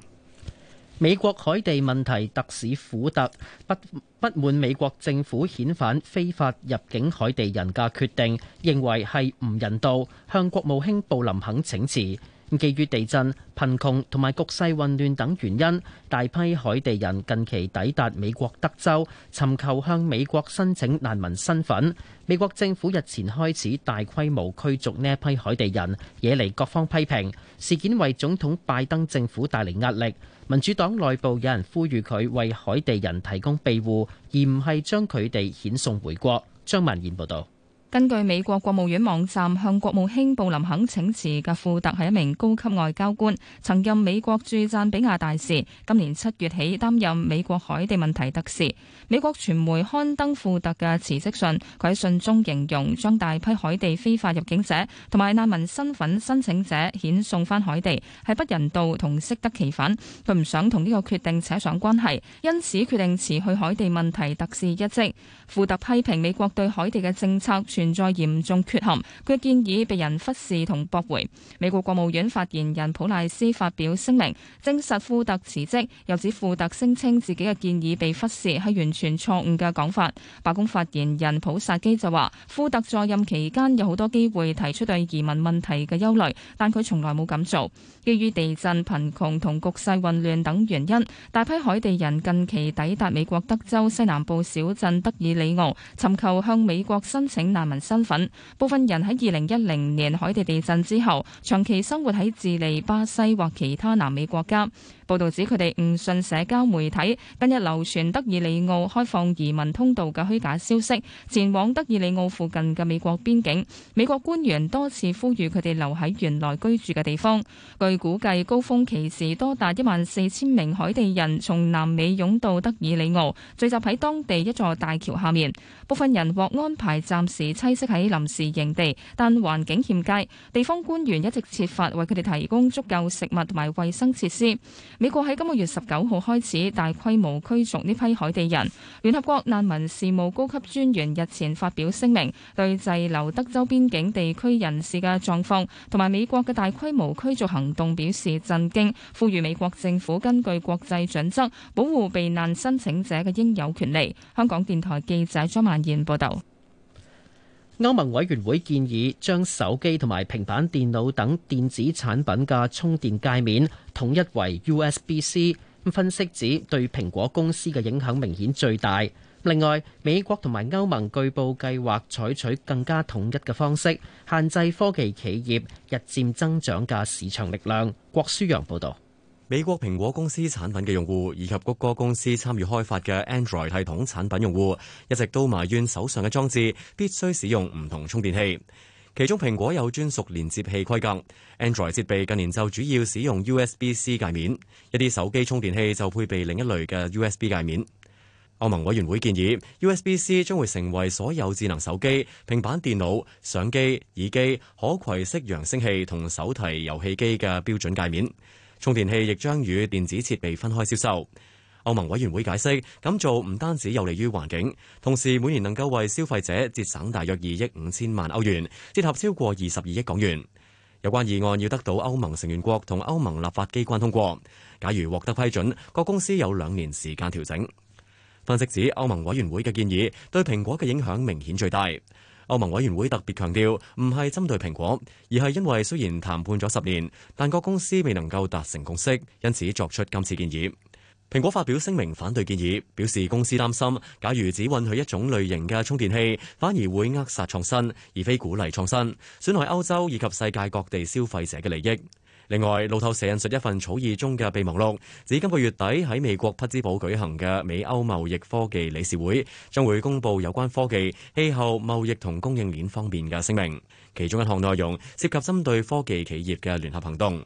美國海地問題特使虎特不不滿美國政府遣返非法入境海地人嘅決定，認為係唔人道，向國務卿布林肯請辭。基於地震、貧窮同埋局勢混亂等原因，大批海地人近期抵達美國德州，尋求向美國申請難民身份。美國政府日前開始大規模驅逐呢一批海地人，惹嚟各方批評。事件為總統拜登政府帶嚟壓力，民主黨內部有人呼籲佢為海地人提供庇護，而唔係將佢哋遣送回國。張文賢報導。根據美國國務院網站，向國務卿布林肯請辭嘅富特係一名高級外交官，曾任美國駐贊比亞大使，今年七月起擔任美國海地問題特使。美國傳媒刊登富特嘅辭職信，佢喺信中形容將大批海地非法入境者同埋難民身份申請者遣送返海地係不人道同適得其反，佢唔想同呢個決定扯上關係，因此決定辭去海地問題特使一職。富特批評美國對海地嘅政策全存在嚴重缺陷，佢建議被人忽視同駁回。美國國務院發言人普賴斯發表聲明，證實富特辭職，又指富特聲稱自己嘅建議被忽視係完全錯誤嘅講法。白宮發言人普薩基就話，富特在任期間有好多機會提出對移民問題嘅憂慮，但佢從來冇咁做。基於地震、貧窮同局勢混亂等原因，大批海地人近期抵達美國德州西南部小鎮德爾里奧，尋求向美國申請難。民身份，部分人喺二零一零年海地地震之後，長期生活喺智利、巴西或其他南美國家。報道指佢哋誤信社交媒體近日流傳德爾里奧開放移民通道嘅虛假消息，前往德爾里奧附近嘅美國邊境。美國官員多次呼籲佢哋留喺原來居住嘅地方。據估計，高峰期時多達一萬四千名海地人從南美湧到德爾里奧，聚集喺當地一座大橋下面。部分人獲安排暫時棲息喺臨時營地，但環境欠佳。地方官員一直設法為佢哋提供足夠食物同埋衛生設施。美國喺今個月十九號開始大規模驅逐呢批海地人。聯合國難民事務高級專員日前發表聲明，對滯留德州邊境地區人士嘅狀況同埋美國嘅大規模驅逐行動表示震驚，呼籲美國政府根據國際準則保護避難申請者嘅應有權利。香港電台記者張曼燕報導。歐盟委員會建議將手機同埋平板電腦等電子產品嘅充電介面統一為 USB-C，分析指對蘋果公司嘅影響明顯最大。另外，美國同埋歐盟據報計劃採取更加統一嘅方式，限制科技企業日漸增長嘅市場力量。郭舒陽報導。美國蘋果公司產品嘅用戶以及谷歌公司參與開發嘅 Android 系統產品用戶一直都埋怨手上嘅裝置必須使用唔同充電器。其中蘋果有專屬連接器規格，Android 設備近年就主要使用 USB-C 界面。一啲手機充電器就配備另一類嘅 USB 界面。歐盟委員會建議 USB-C 將會成為所有智能手機、平板電腦、相機、耳機、可攜式揚聲器同手提遊戲機嘅標準介面。充電器亦將與電子設備分開銷售。歐盟委員會解釋咁做唔單止有利於環境，同時每年能夠為消費者節省大約二億五千萬歐元，折合超過二十二億港元。有關議案要得到歐盟成員國同歐盟立法機關通過。假如獲得批准，各公司有兩年時間調整。分析指歐盟委員會嘅建議對蘋果嘅影響明顯最大。歐盟委員會特別強調，唔係針對蘋果，而係因為雖然談判咗十年，但各公司未能夠達成共識，因此作出今次建議。蘋果發表聲明反對建議，表示公司擔心，假如只允許一種類型嘅充電器，反而會扼殺創新，而非鼓勵創新，損害歐洲以及世界各地消費者嘅利益。另外，路透社引述一份草擬中嘅備忘錄，指今個月底喺美國匹茲堡舉行嘅美歐貿易科技理事會，將會公布有關科技、氣候、貿易同供應鏈方面嘅聲明。其中一項內容涉及針對科技企業嘅聯合行動。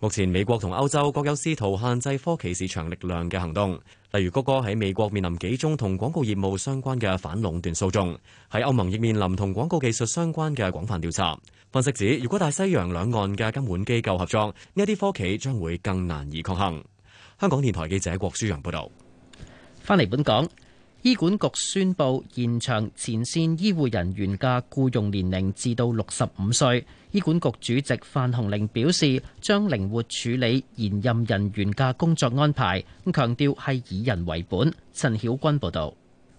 目前，美國同歐洲各有試圖限制科技市場力量嘅行動，例如谷歌喺美國面臨幾宗同廣告業務相關嘅反壟斷訴訟，喺歐盟亦面臨同廣告技術相關嘅廣泛調查。分析指，如果大西洋兩岸嘅監管機構合作，呢一啲科企將會更難以抗衡。香港電台記者郭舒揚報導。返嚟本港，醫管局宣布延長前線醫護人員嘅僱用年齡至到六十五歲。醫管局主席范鴻齡表示，將靈活處理現任人員嘅工作安排，咁強調係以人為本。陳曉君報導。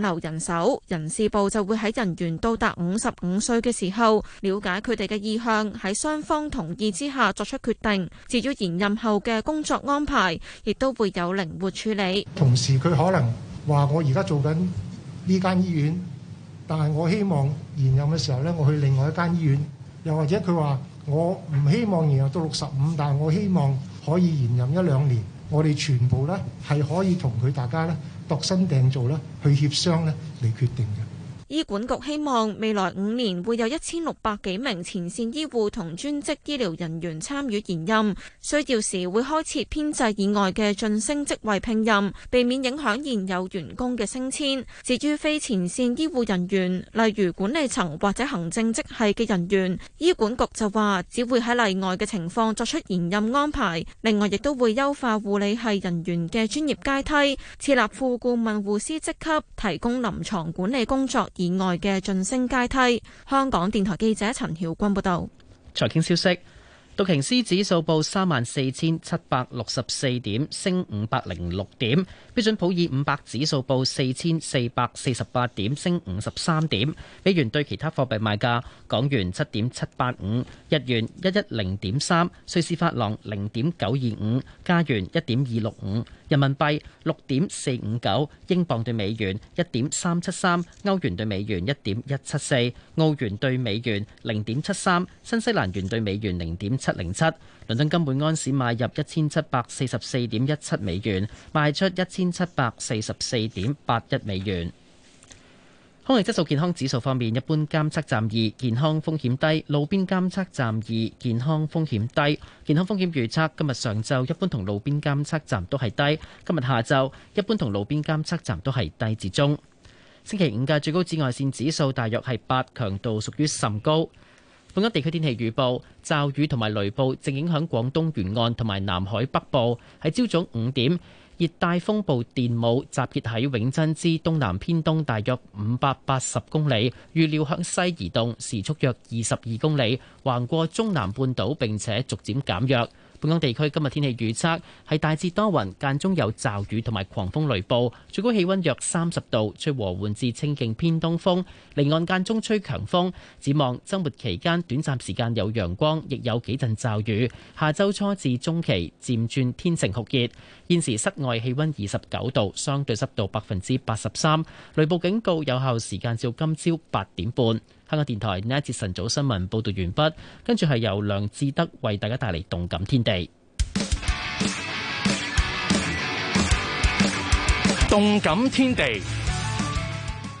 留人手，人事部就會喺人員到達五十五歲嘅時候，了解佢哋嘅意向，喺雙方同意之下作出決定。至於延任後嘅工作安排，亦都會有靈活處理。同時，佢可能話：我而家做緊呢間醫院，但係我希望延任嘅時候咧，我去另外一間醫院。又或者佢話：我唔希望延任到六十五，但係我希望可以延任一兩年。我哋全部咧係可以同佢大家咧。度身訂做啦，去協商咧嚟決定嘅。醫管局希望未來五年會有一千六百幾名前線醫護同專職醫療人員參與延任，需要時會開設編制以外嘅晉升職位聘任，避免影響現有員工嘅升遷。至於非前線醫護人員，例如管理層或者行政職系嘅人員，醫管局就話只會喺例外嘅情況作出延任安排。另外，亦都會優化護理系人員嘅專業階梯，設立副顧問護師職級，提供臨床管理工作。以外嘅晉升階梯。香港電台記者陳曉君報道。財經消息，道瓊斯指數報三萬四千七百六十四點，升五百零六點。標準普爾五百指數報四千四百四十八點，升五十三點。美元兌其他貨幣賣價，港元七點七八五，日元一一零點三，瑞士法郎零點九二五，加元一點二六五。人民幣六點四五九，英鎊對美元一點三七三，歐元對美元一點一七四，澳元對美元零點七三，新西蘭元對美元零點七零七。倫敦金每安士買入一千七百四十四點一七美元，賣出一千七百四十四點八一美元。空氣質素健康指數方面，一般監測站二，健康風險低，路邊監測站二，健康風險低。健康風險預測今日上晝一般同路邊監測站都係低，今日下晝一般同路邊監測站都係低至中。星期五嘅最高紫外線指數大約係八，強度屬於甚高。本港地區天氣預報：驟雨同埋雷暴正影響廣東沿岸同埋南海北部，喺朝早五點。熱帶風暴電母集結喺永珍之東南偏東，大約五百八十公里，預料向西移動，時速約二十二公里，橫過中南半島，並且逐漸減弱。本港地區今日天氣預測係大致多雲，間中有驟雨同埋狂風雷暴，最高氣温約三十度，吹和緩至清勁偏東風，離岸間中吹強風。展望周末期間，短暫時間有陽光，亦有幾陣驟雨。下周初至中期漸轉天晴酷熱。現時室外氣溫二十九度，相對濕度百分之八十三。雷暴警告有效時間至今朝八點半。香港電台呢一節晨早新聞報道完畢，跟住係由梁志德為大家帶嚟動感天地。動感天地。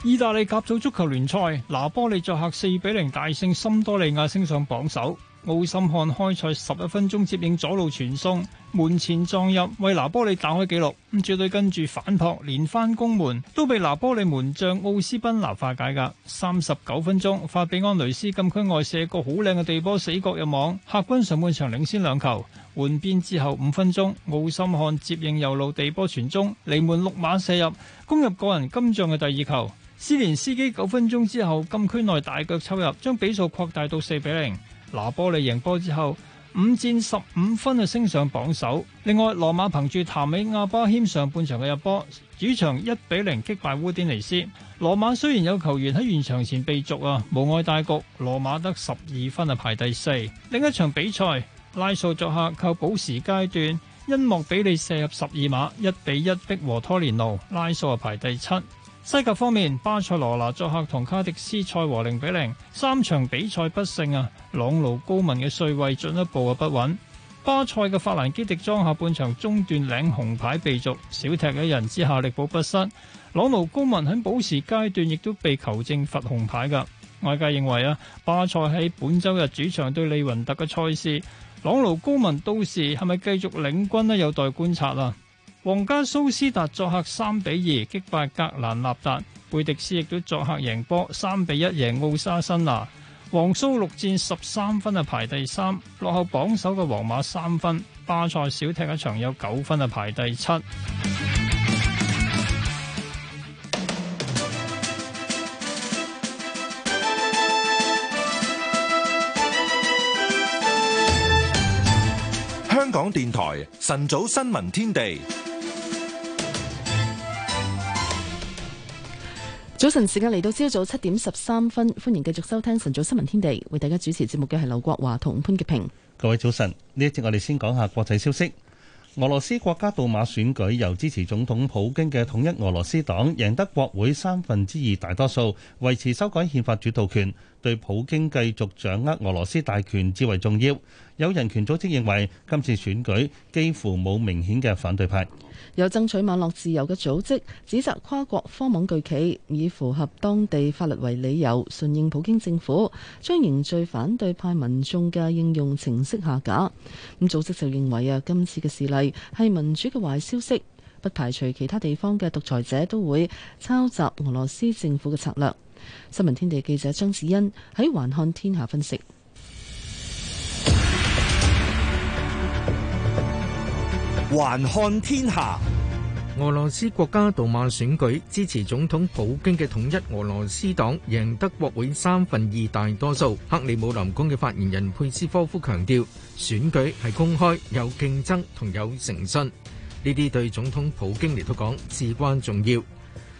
意大利甲組足球聯賽，拿波利作客四比零大勝森多利亞，升上榜首。奧森漢開賽十一分鐘接應左路傳送門前撞入，為拿波利打開紀錄咁，絕對跟住反撲連翻攻門都被拿波利門將奧斯賓拿化解。噶三十九分鐘法比安雷斯禁區外射個好靚嘅地波死角入網，客軍上半場領先兩球。換邊之後五分鐘，奧森漢接應右路地波傳中離門六碼射入，攻入個人金像嘅第二球。斯連斯基九分鐘之後禁區內大腳抽入，將比數擴大到四比零。拿波利贏波之後，五戰十五分啊，升上榜首。另外，羅馬憑住譚美亞巴謙上半場嘅入波，主場一比零擊敗烏典尼斯。羅馬雖然有球員喺完場前被逐啊，無礙大局。羅馬得十二分啊，排第四。另一場比賽，拉素作客靠補時階段，因莫比利射入十二碼，一比一逼和拖連奴。拉素啊，排第七。西甲方面，巴塞羅那作客同卡迪斯賽和零比零，三場比賽不勝啊，朗奴高文嘅帥位進一步啊不穩。巴塞嘅法蘭基迪莊下半場中段領紅牌被逐，小踢一人之下力保不失。朗奴高文喺補時階段亦都被球證罰紅牌噶。外界認為啊，巴塞喺本周日主場對利雲特嘅賽事，朗奴高文到時係咪繼續領軍咧？有待觀察啊。皇家蘇斯達作客三比二擊敗格蘭納達，貝迪斯亦都作客贏波三比一贏奧沙辛拿。皇蘇六戰十三分啊，排第三，落後榜首嘅皇馬三分。巴塞少踢一場有九分啊，排第七。香港電台晨早新聞天地。早晨時間嚟到朝早七點十三分，歡迎繼續收聽晨早新聞天地，為大家主持節目嘅係劉國華同潘潔平。各位早晨，呢一節我哋先講下國際消息。俄羅斯國家杜馬選舉由支持總統普京嘅統一俄羅斯黨贏得國會三分之二大多數，維持修改憲法主導權。對普京繼續掌握俄羅斯大權至為重要，有人權組織認為今次選舉幾乎冇明顯嘅反對派。有爭取網絡自由嘅組織指責跨國科網巨企以符合當地法律為理由順應普京政府，將凝聚反對派民眾嘅應用程式下架。咁組織就認為啊，今次嘅事例係民主嘅壞消息，不排除其他地方嘅獨裁者都會抄襲俄羅斯政府嘅策略。新聞天地記者張子欣喺環看天下分析。環看天下。俄羅斯國家杜馬選舉支持總統普京嘅統一俄羅斯黨贏得國會三分二大多數。克里姆林宮嘅發言人佩斯科夫強調，選舉係公開、有競爭同有誠信，呢啲對總統普京嚟到講至關重要。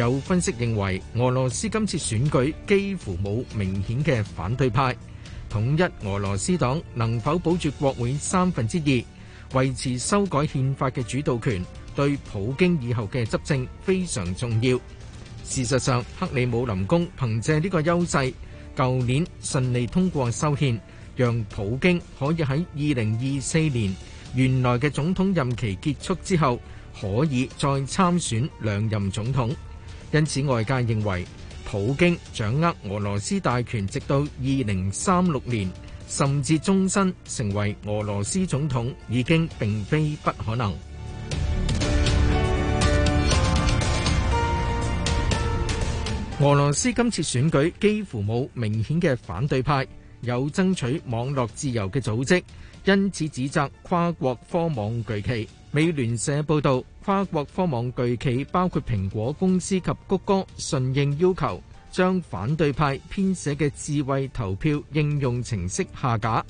有分析認為，俄羅斯今次選舉幾乎冇明顯嘅反對派。統一俄羅斯黨能否保住國會三分之二，維持修改憲法嘅主導權，對普京以後嘅執政非常重要。事實上，克里姆林宮憑藉呢個優勢，舊年順利通過修憲，讓普京可以喺二零二四年原來嘅總統任期結束之後，可以再參選兩任總統。因此，外界認為普京掌握俄羅斯大權，直到二零三六年甚至終身成為俄羅斯總統，已經並非不可能。俄羅斯今次選舉幾乎冇明顯嘅反對派，有爭取網絡自由嘅組織，因此指責跨國科網巨企。美聯社報道，跨國科網巨企包括蘋果公司及谷歌順應要求將反對派編寫嘅智慧投票應用程式下架。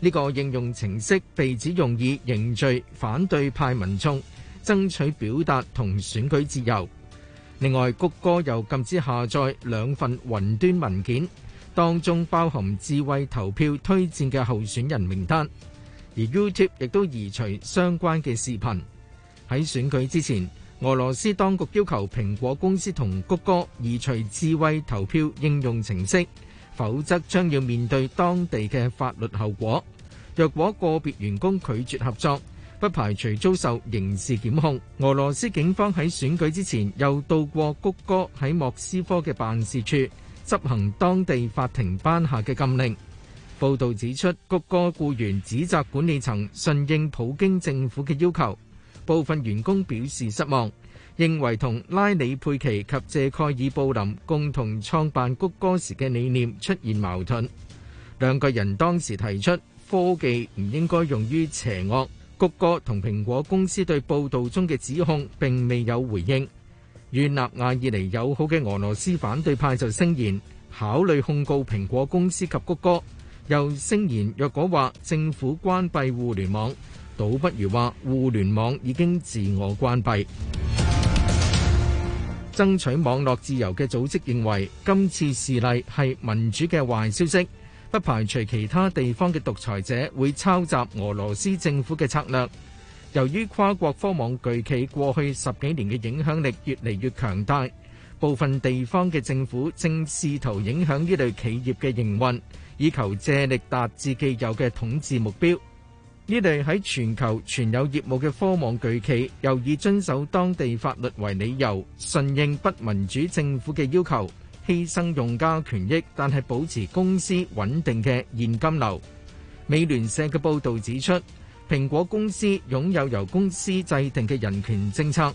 呢個應用程式被指容易凝聚反對派民眾爭取表達同選舉自由。另外，谷歌又禁止下載兩份雲端文件當中包含智慧投票推薦嘅候選人名單。而 YouTube 亦都移除相關嘅視頻。喺選舉之前，俄羅斯當局要求蘋果公司同谷歌移除智慧投票應用程式，否則將要面對當地嘅法律後果。若果個別員工拒絕合作，不排除遭受刑事檢控。俄羅斯警方喺選舉之前又到過谷歌喺莫斯科嘅辦事處，執行當地法庭頒下嘅禁令。報道指出，谷歌僱員指責管理層順應普京政府嘅要求，部分員工表示失望，認為同拉里佩奇及謝蓋爾布林共同創辦谷歌時嘅理念出現矛盾。兩個人當時提出科技唔應該用於邪惡。谷歌同蘋果公司對報道中嘅指控並未有回應。與納瓦爾尼友好嘅俄羅斯反對派就聲言考慮控告蘋果公司及谷歌。又聲言，若果話政府關閉互聯網，倒不如話互聯網已經自我關閉。 爭取網絡自由嘅組織認為，今次示例係民主嘅壞消息，不排除其他地方嘅獨裁者會抄襲俄羅斯政府嘅策略。由於跨國科網巨企過去十幾年嘅影響力越嚟越強大，部分地方嘅政府正試圖影響呢類企業嘅營運。以求借力達至既有嘅統治目標。呢啲喺全球全有業務嘅科網巨企，又以遵守當地法律為理由，順應不民主政府嘅要求，犧牲用家權益，但係保持公司穩定嘅現金流。美聯社嘅報導指出，蘋果公司擁有由公司制定嘅人權政策。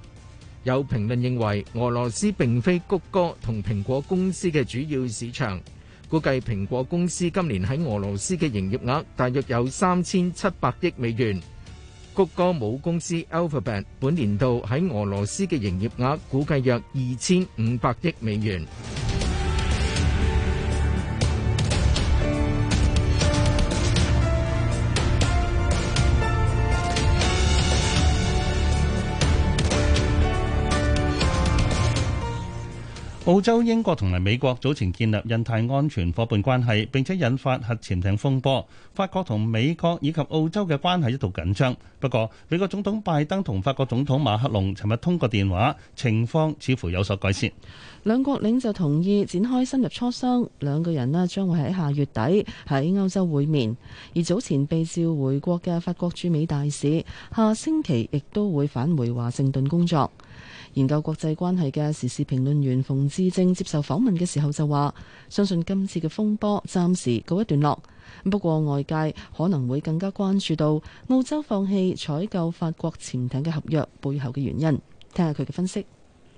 有評論認為，俄羅斯並非谷歌同蘋果公司嘅主要市場。估計蘋果公司今年喺俄羅斯嘅營業額大約有三千七百億美元。谷歌母公司 Alphabet 本年度喺俄羅斯嘅營業額估計約二千五百億美元。澳洲、英國同埋美國早前建立印太安全夥伴關係，並且引發核潛艇風波。法國同美國以及澳洲嘅關係一度緊張，不過美國總統拜登同法國總統馬克龍尋日通過電話，情況似乎有所改善。兩國領袖同意展開深入磋商，兩個人呢將會喺下月底喺歐洲會面。而早前被召回國嘅法國駐美大使，下星期亦都會返回華盛頓工作。研究國際關係嘅時事評論員馮志正接受訪問嘅時候就話，相信今次嘅風波暫時告一段落。不過外界可能會更加關注到澳洲放棄採購法國潛艇嘅合約背後嘅原因。聽下佢嘅分析。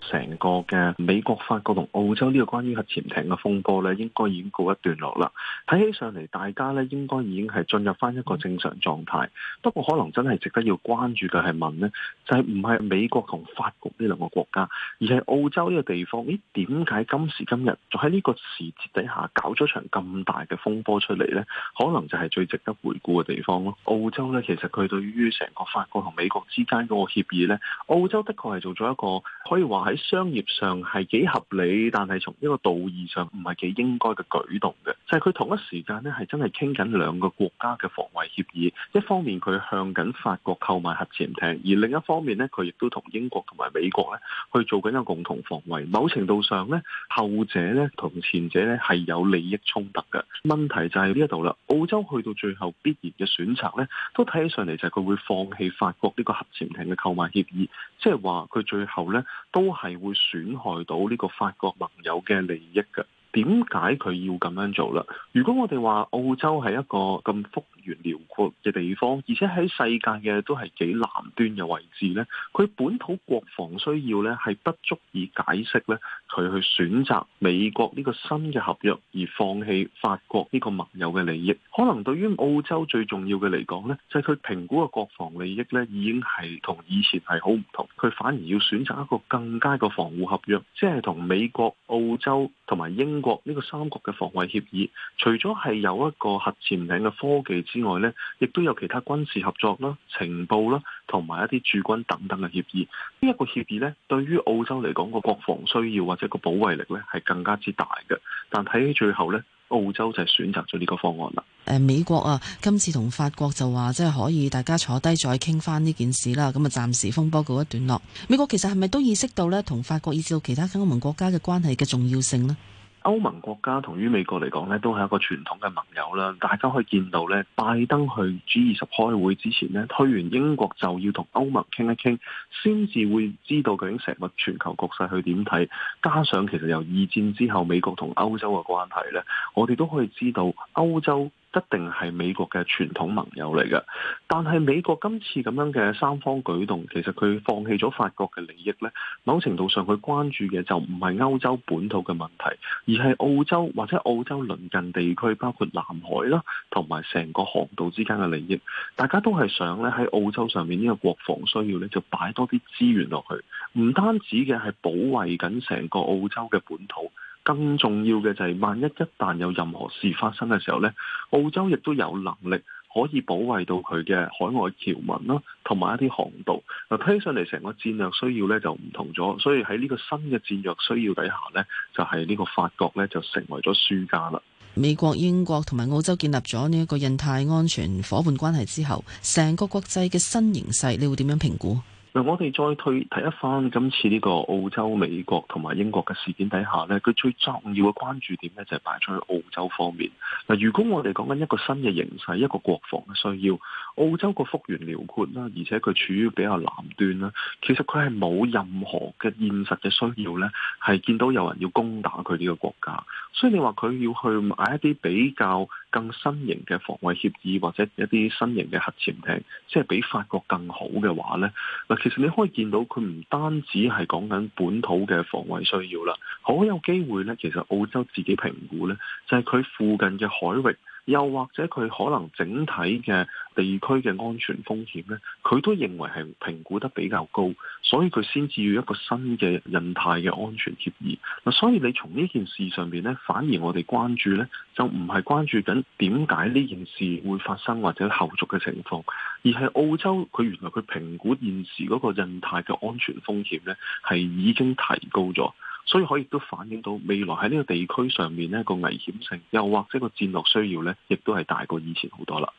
成個嘅美國法國同澳洲呢個關於核潛艇嘅風波呢，應該已經告一段落啦。睇起上嚟，大家呢應該已經係進入翻一個正常狀態。不過，可能真係值得要關注嘅係問呢，就係唔係美國同法國呢兩個國家，而係澳洲呢個地方？咦，點解今時今日就喺呢個時節底下搞咗場咁大嘅風波出嚟呢？可能就係最值得回顧嘅地方咯。澳洲呢，其實佢對於成個法國同美國之間嗰個協議呢，澳洲的確係做咗一個可以話係。喺商業上係幾合理，但係從一個道義上唔係幾應該嘅舉動嘅，就係佢同一時間呢，係真係傾緊兩個國家嘅防衛協議，一方面佢向緊法國購買核潛艇，而另一方面呢，佢亦都同英國同埋美國咧去做緊一個共同防衛。某程度上呢，後者呢同前者呢係有利益衝突嘅。問題就係呢一度啦，澳洲去到最後必然嘅選擇呢，都睇起上嚟就係佢會放棄法國呢個核潛艇嘅購買協議，即係話佢最後呢都。係會損害到呢個法國盟友嘅利益嘅，點解佢要咁樣做啦？如果我哋話澳洲係一個咁複。越遼闊嘅地方，而且喺世界嘅都係幾南端嘅位置咧。佢本土國防需要咧，係不足以解釋咧，佢去選擇美國呢個新嘅合約，而放棄法國呢個盟友嘅利益。可能對於澳洲最重要嘅嚟講咧，就係佢評估嘅國防利益咧，已經係同以前係好唔同。佢反而要選擇一個更加嘅防護合約，即係同美國、澳洲同埋英國呢個三國嘅防衛協議，除咗係有一個核潛艇嘅科技。之外呢，亦都有其他軍事合作啦、情報啦，同埋一啲駐軍等等嘅協議。呢一個協議呢，對於澳洲嚟講個國防需要或者個保衛力呢，係更加之大嘅。但睇起最後呢，澳洲就係選擇咗呢個方案啦。誒，美國啊，今次同法國就話，即係可以大家坐低再傾翻呢件事啦。咁啊，暫時風波告一段落。美國其實係咪都意識到呢，同法國以至其他歐盟國家嘅關係嘅重要性呢？歐盟國家同於美國嚟講呢，都係一個傳統嘅盟友啦。大家可以見到呢，拜登去 G 二十開會之前呢，推完英國就要同歐盟傾一傾，先至會知道究竟成個全球局勢佢點睇。加上其實由二戰之後美國同歐洲嘅關係呢，我哋都可以知道歐洲。一定係美國嘅傳統盟友嚟嘅，但係美國今次咁樣嘅三方舉動，其實佢放棄咗法國嘅利益呢，某程度上，佢關注嘅就唔係歐洲本土嘅問題，而係澳洲或者澳洲鄰近地區，包括南海啦，同埋成個航道之間嘅利益。大家都係想咧喺澳洲上面呢個國防需要咧，就擺多啲資源落去，唔單止嘅係保衞緊成個澳洲嘅本土。更重要嘅就係萬一一旦有任何事發生嘅時候咧，澳洲亦都有能力可以保衛到佢嘅海外僑民啦，同埋一啲航道。嗱，推上嚟成個戰略需要咧就唔同咗，所以喺呢個新嘅戰略需要底下咧，就係呢個法國咧就成為咗輸家啦。美國、英國同埋澳洲建立咗呢一個印太安全伙伴關係之後，成個國際嘅新形勢你會點樣評估？嗱、嗯，我哋再推睇一翻今次呢個澳洲、美國同埋英國嘅事件底下咧，佢最重要嘅關注點咧就係、是、擺在澳洲方面。嗱、嗯，如果我哋講緊一個新嘅形勢、一個國防嘅需要，澳洲個幅員遼闊啦，而且佢處於比較南端啦，其實佢係冇任何嘅現實嘅需要咧，係見到有人要攻打佢呢個國家，所以你話佢要去買一啲比較，更新型嘅防衛協議，或者一啲新型嘅核潛艇，即係比法國更好嘅話咧，嗱，其實你可以見到佢唔單止係講緊本土嘅防衛需要啦，好有機會咧，其實澳洲自己評估咧，就係佢附近嘅海域。又或者佢可能整體嘅地區嘅安全風險呢，佢都認為係評估得比較高，所以佢先至要一個新嘅印太嘅安全協議。嗱，所以你從呢件事上邊呢，反而我哋關注呢，就唔係關注緊點解呢件事會發生或者後續嘅情況，而係澳洲佢原來佢評估現時嗰個印太嘅安全風險呢，係已經提高咗。所以可以都反映到未來喺呢個地區上面呢個危險性，又或者個戰略需要呢，亦都係大過以前好多啦。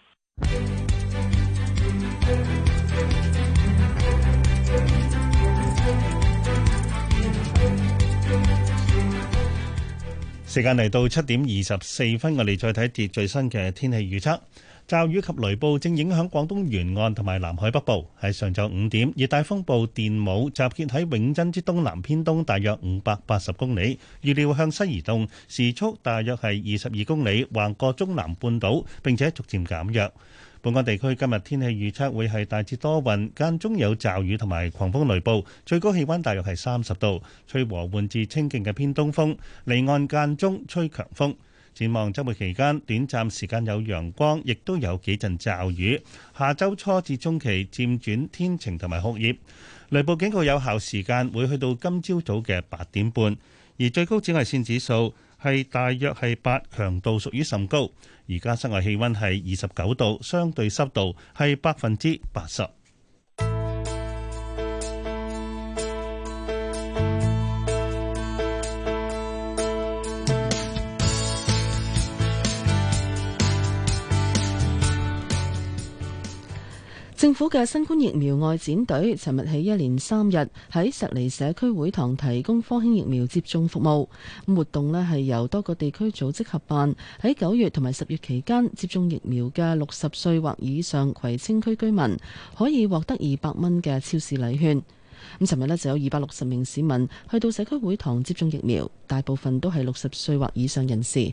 時間嚟到七點二十四分，我哋再睇一節最新嘅天氣預測。驟雨及雷暴正影響廣東沿岸同埋南海北部，喺上晝五點，熱帶風暴電母集結喺永珍之東南偏東大約五百八十公里，預料向西移動，時速大約係二十二公里，橫過中南半島，並且逐漸減弱。本港地區今日天氣預測會係大致多雲，間中有驟雨同埋狂風雷暴，最高氣溫大約係三十度，吹和緩至清勁嘅偏東風，離岸間中吹強風。展望周末期間短暫時間有陽光，亦都有幾陣驟雨。下周初至中期漸轉天晴同埋酷熱，雷暴警告有效時間會去到今朝早嘅八點半，而最高紫外線指數係大約係八強度，屬於甚高。而家室外氣溫係二十九度，相對濕度係百分之八十。政府嘅新冠疫苗外展隊尋日起一連三日喺石籬社區會堂提供科興疫苗接種服務。活動咧係由多個地區組織合辦。喺九月同埋十月期間接種疫苗嘅六十歲或以上葵青區居民可以獲得二百蚊嘅超市禮券。咁尋日咧就有二百六十名市民去到社區會堂接種疫苗，大部分都係六十歲或以上人士。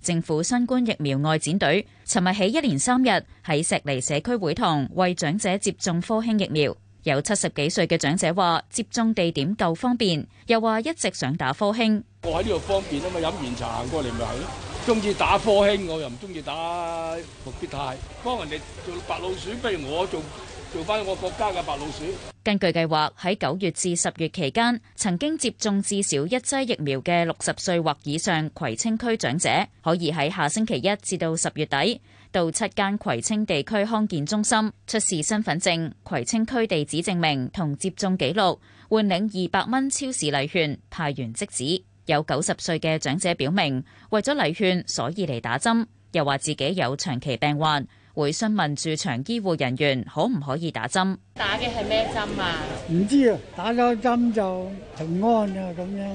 政府新冠疫苗外展隊尋日起一連三日喺石籬社區會堂為長者接種科興疫苗，有七十幾歲嘅長者話接種地點夠方便，又話一直想打科興。我喺呢度方便啊嘛，飲完茶行過嚟咪係咯。中意打科興，我又唔中意打復必泰。幫人哋做白老鼠，不如我做。做翻我國家嘅白老鼠。根據計劃，喺九月至十月期間，曾經接種至少一劑疫苗嘅六十歲或以上葵青區長者，可以喺下星期一至到十月底，到七間葵青地區康健中心出示身份證、葵青區地址證明同接種記錄，換領二百蚊超市禮券。派完即止。有九十歲嘅長者表明，為咗禮券所以嚟打針，又話自己有長期病患。會詢問駐場醫護人員可唔可以打針？啊？打嘅係咩針啊？唔知啊，打咗針就平安啊咁樣。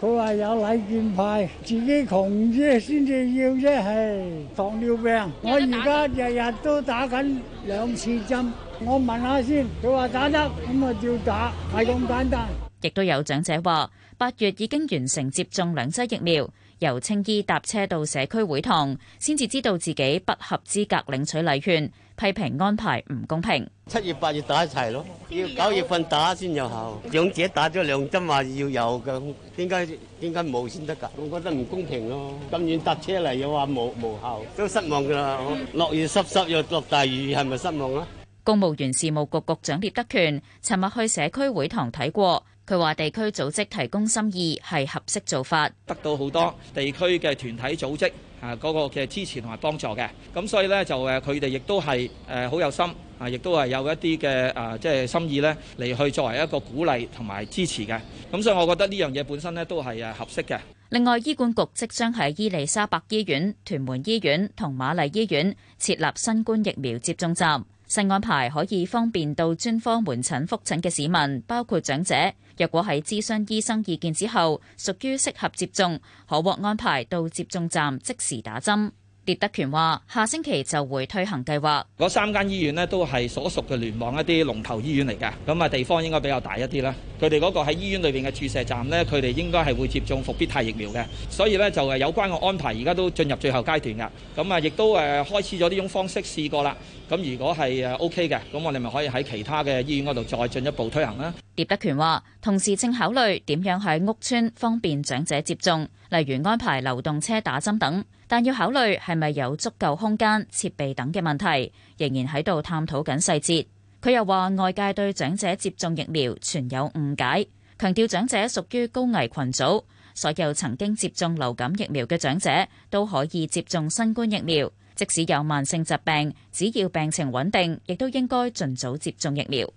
佢話有禮券派，自己窮啫，先至要啫。係，糖尿病，我而家日日都打緊兩次針。我問下先，佢話打得，咁啊照打，係咁簡單。亦都有長者話，八月已經完成接種兩劑疫苗。由青衣搭車到社區會堂，先至知道自己不合資格領取禮券，批評安排唔公平。七月八月打一齊咯，要九月份打先有效。長者打咗兩針話要有㗎，點解點解冇先得㗎？我覺得唔公平咯。咁遠搭車嚟又話冇無效，都失望㗎啦。落雨濕濕又落大雨，係咪失望啊？公務員事務局局長聶德權尋日去社區會堂睇過。佢話：地區組織提供心意係合適做法，得到好多地區嘅團體組織啊嗰個嘅支持同埋幫助嘅。咁所以咧就誒，佢哋亦都係誒好有心啊，亦都係有一啲嘅啊，即係心意咧嚟去作為一個鼓勵同埋支持嘅。咁所以，我覺得呢樣嘢本身咧都係誒合適嘅。另外，醫管局即將喺伊利沙伯醫院、屯門醫院同瑪麗醫院設立新冠疫苗接種站，新安排可以方便到專科門診覆診嘅市民，包括長者。若果喺諮詢醫生意見之後，屬於適合接種，可獲安排到接種站即時打針。聶德權話，下星期就會推行計劃。嗰三間醫院咧都係所屬嘅聯網一啲龍頭醫院嚟嘅，咁啊地方應該比較大一啲啦。佢哋嗰個喺醫院裏邊嘅注射站呢，佢哋應該係會接種復必泰疫苗嘅。所以咧就係有關嘅安排，而家都進入最後階段噶。咁啊亦都誒開始咗呢種方式試過啦。咁如果係誒 OK 嘅，咁我哋咪可以喺其他嘅醫院嗰度再進一步推行啦。聶德權話，同時正考慮點樣喺屋邨方便長者接種，例如安排流動車打針等，但要考慮係咪有足夠空間、設備等嘅問題，仍然喺度探討緊細節。佢又話，外界對長者接種疫苗存有誤解，強調長者屬於高危群組，所有曾經接種流感疫苗嘅長者都可以接種新冠疫苗，即使有慢性疾病，只要病情穩定，亦都應該盡早接種疫苗。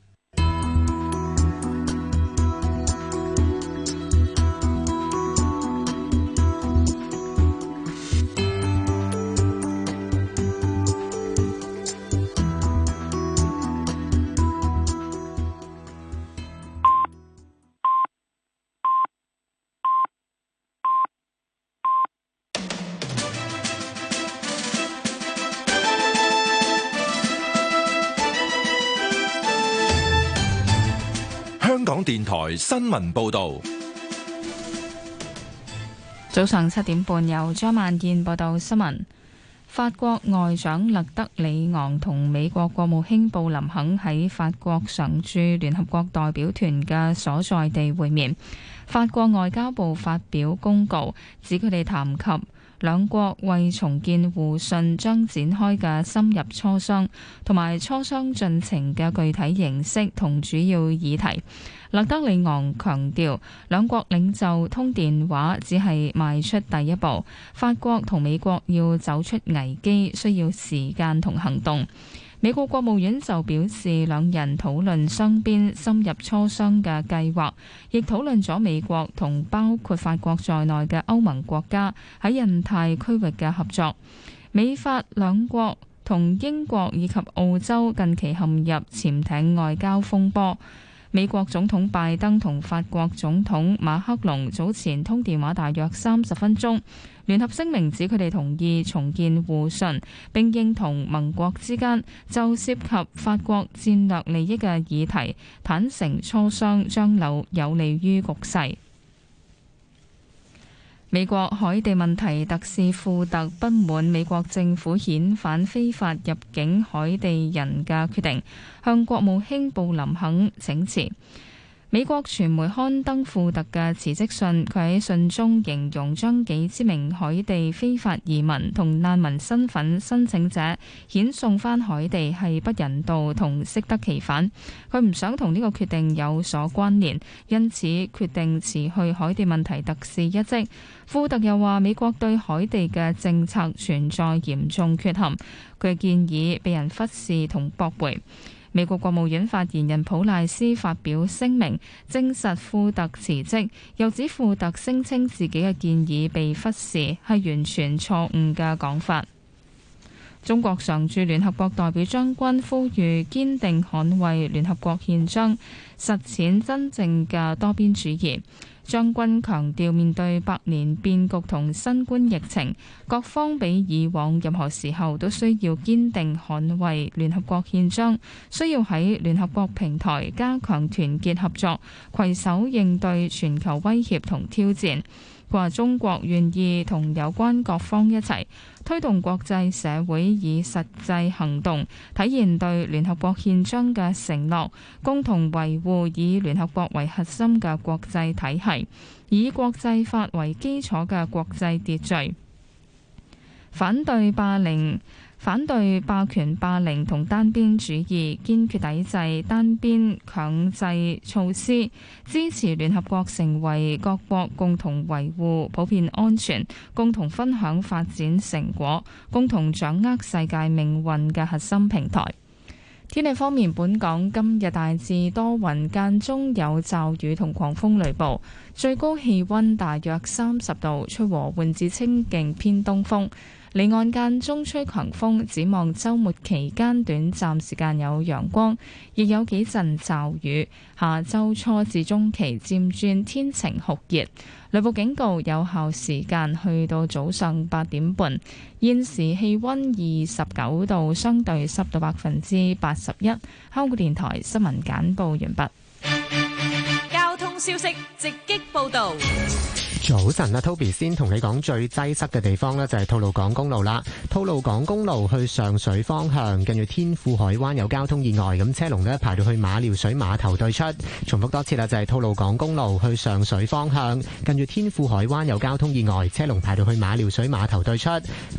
電台新聞報道，早上七點半由張曼燕報道新聞。法國外長勒德里昂同美國國務卿布林肯喺法國常駐聯合國代表團嘅所在地會面。法國外交部發表公告，指佢哋談及。兩國為重建互信將展開嘅深入磋商，同埋磋商進程嘅具體形式同主要議題。勒德里昂強調，兩國領袖通電話只係邁出第一步。法國同美國要走出危機，需要時間同行動。美國國務院就表示，兩人討論雙邊深入磋商嘅計劃，亦討論咗美國同包括法國在內嘅歐盟國家喺印太區域嘅合作。美法兩國同英國以及澳洲近期陷入潛艇外交風波。美國總統拜登同法國總統馬克龍早前通電話大約三十分鐘。聯合聲明指佢哋同意重建互信，並認同盟國之間就涉及法國戰略利益嘅議題坦誠磋商，將有有利於局勢。美國海地問題特使庫特不滿美國政府遣返非法入境海地人嘅決定，向國務卿布林肯請辭。美國傳媒刊登富特嘅辭職信，佢喺信中形容將幾千名海地非法移民同難民身份申請者遣送返海地係不人道同適得其反。佢唔想同呢個決定有所關聯，因此決定辭去海地問題特使一職。富特又話：美國對海地嘅政策存在嚴重缺陷，佢建議被人忽視同駁回。美國國務院發言人普賴斯發表聲明，證實庫特辭職，又指庫特聲稱自己嘅建議被忽視，係完全錯誤嘅講法。中國常駐聯合國代表張軍呼籲堅定捍衛聯合國憲章，實踐真正嘅多邊主義。張軍強調，面對百年變局同新冠疫情，各方比以往任何時候都需要堅定捍衞聯合國憲章，需要喺聯合國平台加強團結合作，攜手應對全球威脅同挑戰。佢話：中國願意同有關各方一齊，推動國際社會以實際行動體現對聯合國憲章嘅承諾，共同維護以聯合國為核心嘅國際體系，以國際法為基礎嘅國際秩序，反對霸凌。反對霸權霸凌同單邊主義，堅決抵制單邊強制措施，支持聯合國成為各國共同維護普遍安全、共同分享發展成果、共同掌握世界命運嘅核心平台。天氣方面，本港今日大致多雲，間中有驟雨同狂風雷暴，最高氣温大約三十度，吹和緩至清勁偏東風。離岸間中吹強風，展望周末期間短暫時間有陽光，亦有幾陣驟雨。下周初至中期漸轉天晴酷熱，雷暴警告有效時間去到早上八點半。現時氣溫二十九度，相對濕度百分之八十一。香港電台新聞簡報完畢。交通消息直擊報道。早晨啦，Toby 先同你講最擠塞嘅地方咧，就係吐露港公路啦。吐露港公路去上水方向，跟住天賦海灣有交通意外，咁車龍咧排到去馬料水碼頭對出。重複多次啦，就係吐露港公路去上水方向，跟住天賦海灣有交通意外，車龍排到去馬料水碼頭對出。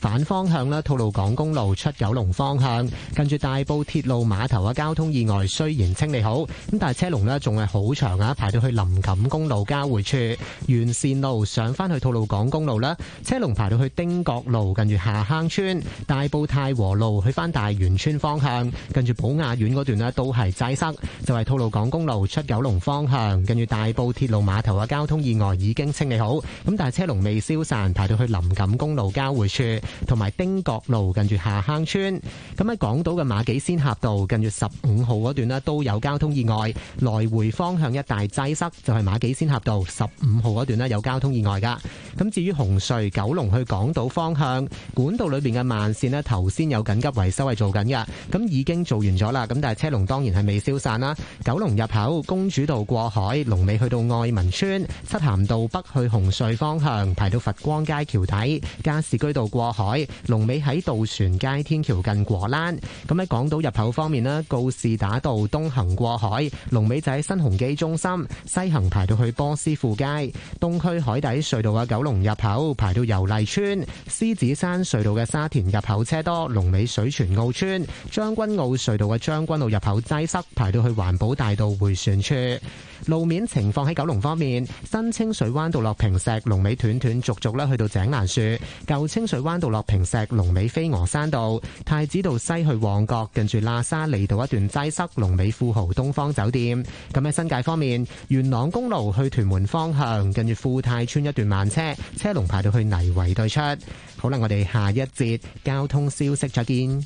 反方向啦，吐露港公路出九龍方向，跟住大埔鐵路碼頭啊交通意外，雖然清理好，咁但係車龍咧仲係好長啊，排到去林錦公路交匯處原綫路。上翻去吐露港公路啦，車龍排到去丁角路，近住下坑村、大埔太和路去翻大元村方向，跟住寶雅苑嗰段呢，都係擠塞，塞。就係、是、吐露港公路出九龍方向，跟住大埔鐵路碼頭嘅交通意外已經清理好，咁但係車龍未消散，排到去林錦公路交匯處同埋丁角路，近住下坑村。咁喺港島嘅馬己仙峽道近住十五號嗰段呢，都有交通意外，來回方向一帶擠塞，塞，就係、是、馬己仙峽道十五號嗰段呢，有交通。意外噶，咁至於紅隧九龍去港島方向管道裏邊嘅慢線呢，頭先有緊急維修係做緊嘅，咁已經做完咗啦，咁但係車龍當然係未消散啦。九龍入口公主道過海，龍尾去到愛民村；漆咸道北去紅隧方向，排到佛光街橋底；加士居道過海，龍尾喺渡船街天橋近果欄。咁喺港島入口方面呢，告士打道東行過海，龍尾就喺新鴻基中心西行排到去波斯富街東區海底隧道嘅九龍入口排到油麗村，獅子山隧道嘅沙田入口車多，龍尾水泉澳村。將軍澳隧道嘅將軍澳入口擠塞，排到去環保大道回旋處。路面情況喺九龍方面，新清水灣道落坪石龍尾斷斷續續咧，去到井欄樹；舊清水灣道落坪石龍尾飛鵝山道、太子道西去旺角，近住喇沙利道一段擠塞，龍尾富豪東方酒店。咁喺新界方面，元朗公路去屯門方向，近住富泰村一段慢車，車龍排到去泥圍對出。好啦，我哋下一節交通消息再見。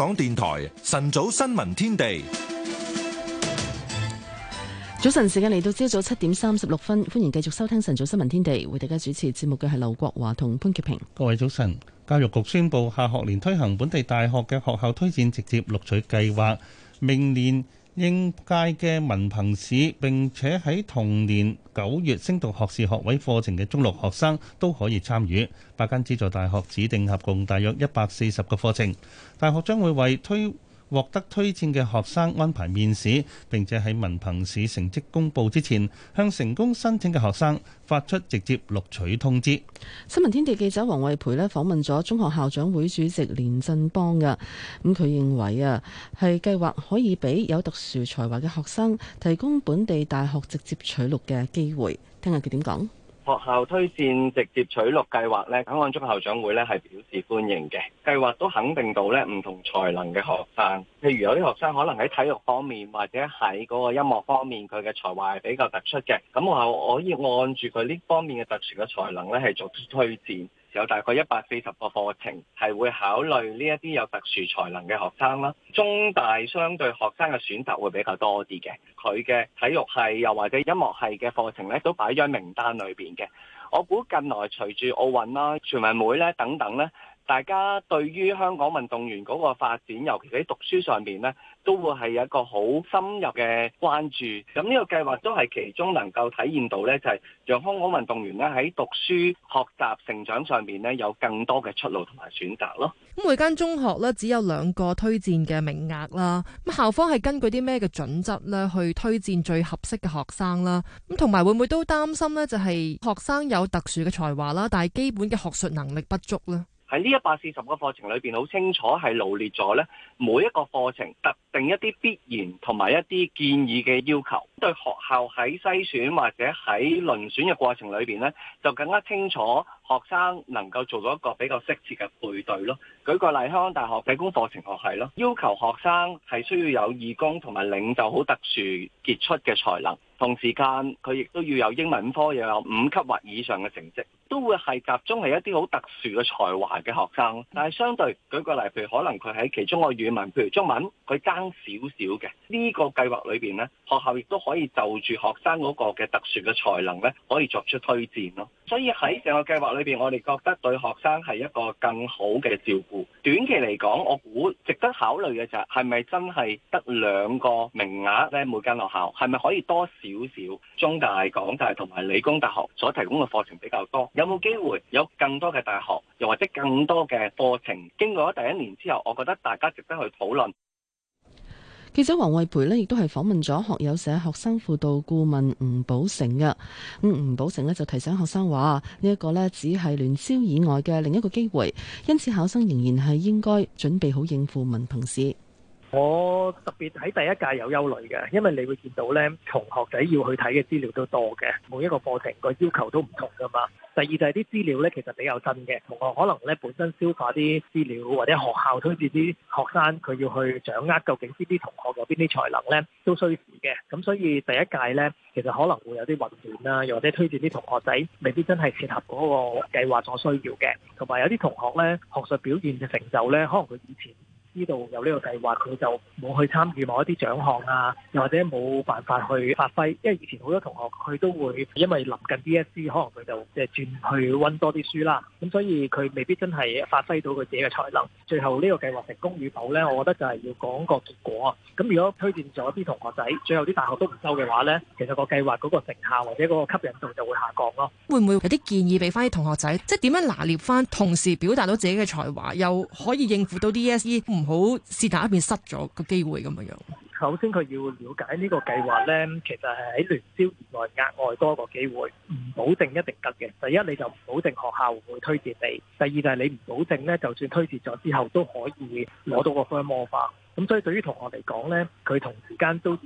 港電台晨早新聞天地，早晨時間嚟到朝早七點三十六分，歡迎繼續收聽晨早新聞天地，為大家主持節目嘅係劉國華同潘潔平。各位早晨，教育局宣佈下學年推行本地大學嘅學校推薦直接錄取計劃，明年。應屆嘅文憑試，並且喺同年九月升讀學士學位課程嘅中六學生都可以參與，八間資助大學指定合共大約一百四十個課程，大學將會為推獲得推薦嘅學生安排面試，並且喺文憑試成績公布之前，向成功申請嘅學生發出直接錄取通知。新聞天地記者黃慧培咧訪問咗中學校長會主席連振邦嘅，咁佢認為啊，係計劃可以俾有特殊才華嘅學生提供本地大學直接取錄嘅機會。聽下佢點講。學校推薦直接取錄計劃咧，港安中校長會咧係表示歡迎嘅。計劃都肯定到咧唔同才能嘅學生，譬如有啲學生可能喺體育方面或者喺嗰個音樂方面，佢嘅才華係比較突出嘅。咁我係可以按住佢呢方面嘅特殊嘅才能咧，係作出推薦。有大概一百四十個課程係會考慮呢一啲有特殊才能嘅學生啦。中大相對學生嘅選擇會比較多啲嘅，佢嘅體育係又或者音樂係嘅課程咧都擺喺名單裏邊嘅。我估近來隨住奧運啦、全運會咧等等咧。大家對於香港運動員嗰個發展，尤其喺讀書上面呢，都會係一個好深入嘅關注。咁呢個計劃都係其中能夠體現到呢，就係讓香港運動員呢喺讀書、學習、成長上面呢，有更多嘅出路同埋選擇咯。咁每間中學呢，只有兩個推薦嘅名額啦。咁校方係根據啲咩嘅準則呢，去推薦最合適嘅學生啦？咁同埋會唔會都擔心呢？就係學生有特殊嘅才華啦，但係基本嘅學術能力不足呢。喺呢一百四十個課程裏邊，好清楚係羅列咗咧。每一個課程特定一啲必然同埋一啲建議嘅要求，對學校喺篩選或者喺遴選嘅過程裏邊呢，就更加清楚學生能夠做到一個比較適切嘅配對咯。舉個例，香港大學理工課程學系咯，要求學生係需要有義工同埋領袖好特殊傑出嘅才能，同時間佢亦都要有英文科又有五級或以上嘅成績，都會係集中係一啲好特殊嘅才華嘅學生。但係相對舉個例，譬如可能佢喺其中個院。譬如中文，佢爭少少嘅呢個計劃裏邊呢，學校亦都可以就住學生嗰個嘅特殊嘅才能呢，可以作出推薦咯。所以喺成個計劃裏邊，我哋覺得對學生係一個更好嘅照顧。短期嚟講，我估值得考慮嘅就係係咪真係得兩個名額呢？每間學校係咪可以多少少中大、港大同埋理工大學所提供嘅課程比較多？有冇機會有更多嘅大學，又或者更多嘅課程？經過咗第一年之後，我覺得大家值得。去討論。記者黃慧培咧，亦都係訪問咗學友社學生輔導顧問吳寶成嘅。咁吳寶成咧就提醒學生話：這個、呢一個咧只係聯招以外嘅另一個機會，因此考生仍然係應該準備好應付文憑試。我特別喺第一屆有憂慮嘅，因為你會見到呢同學仔要去睇嘅資料都多嘅，每一個課程個要求都唔同㗎嘛。第二就係啲資料呢，其實比較新嘅，同學可能呢本身消化啲資料或者學校推薦啲學生佢要去掌握究竟呢啲同學有邊啲才能呢，都需時嘅。咁所以第一屆呢，其實可能會有啲混亂啦，又或者推薦啲同學仔未必真係切合嗰個計劃所需要嘅，同埋有啲同學呢，學術表現嘅成就呢，可能佢以前，呢度有呢個計劃，佢就冇去參與某一啲獎項啊，又或者冇辦法去發揮，因為以前好多同學佢都會因為臨近 DSE，可能佢就即係轉去温多啲書啦。咁所以佢未必真係發揮到佢自己嘅才能。最後呢個計劃成功與否呢，我覺得就係要講個結果。咁如果推薦咗啲同學仔，最後啲大學都唔收嘅話呢，其實個計劃嗰個成效或者嗰個吸引度就會下降咯。會唔會有啲建議俾翻啲同學仔，即係點樣拿捏翻同時表達到自己嘅才華，又可以應付到 DSE？唔好試打一邊失咗個機會咁樣。首先佢要了解呢個計劃呢，其實係喺聯招原來額外多一個機會，唔保證一定得嘅。第一你就唔保證學校會推薦你，第二就係你唔保證呢，就算推薦咗之後都可以攞到個 foundation。咁所以對於同學嚟講呢，佢同時間都要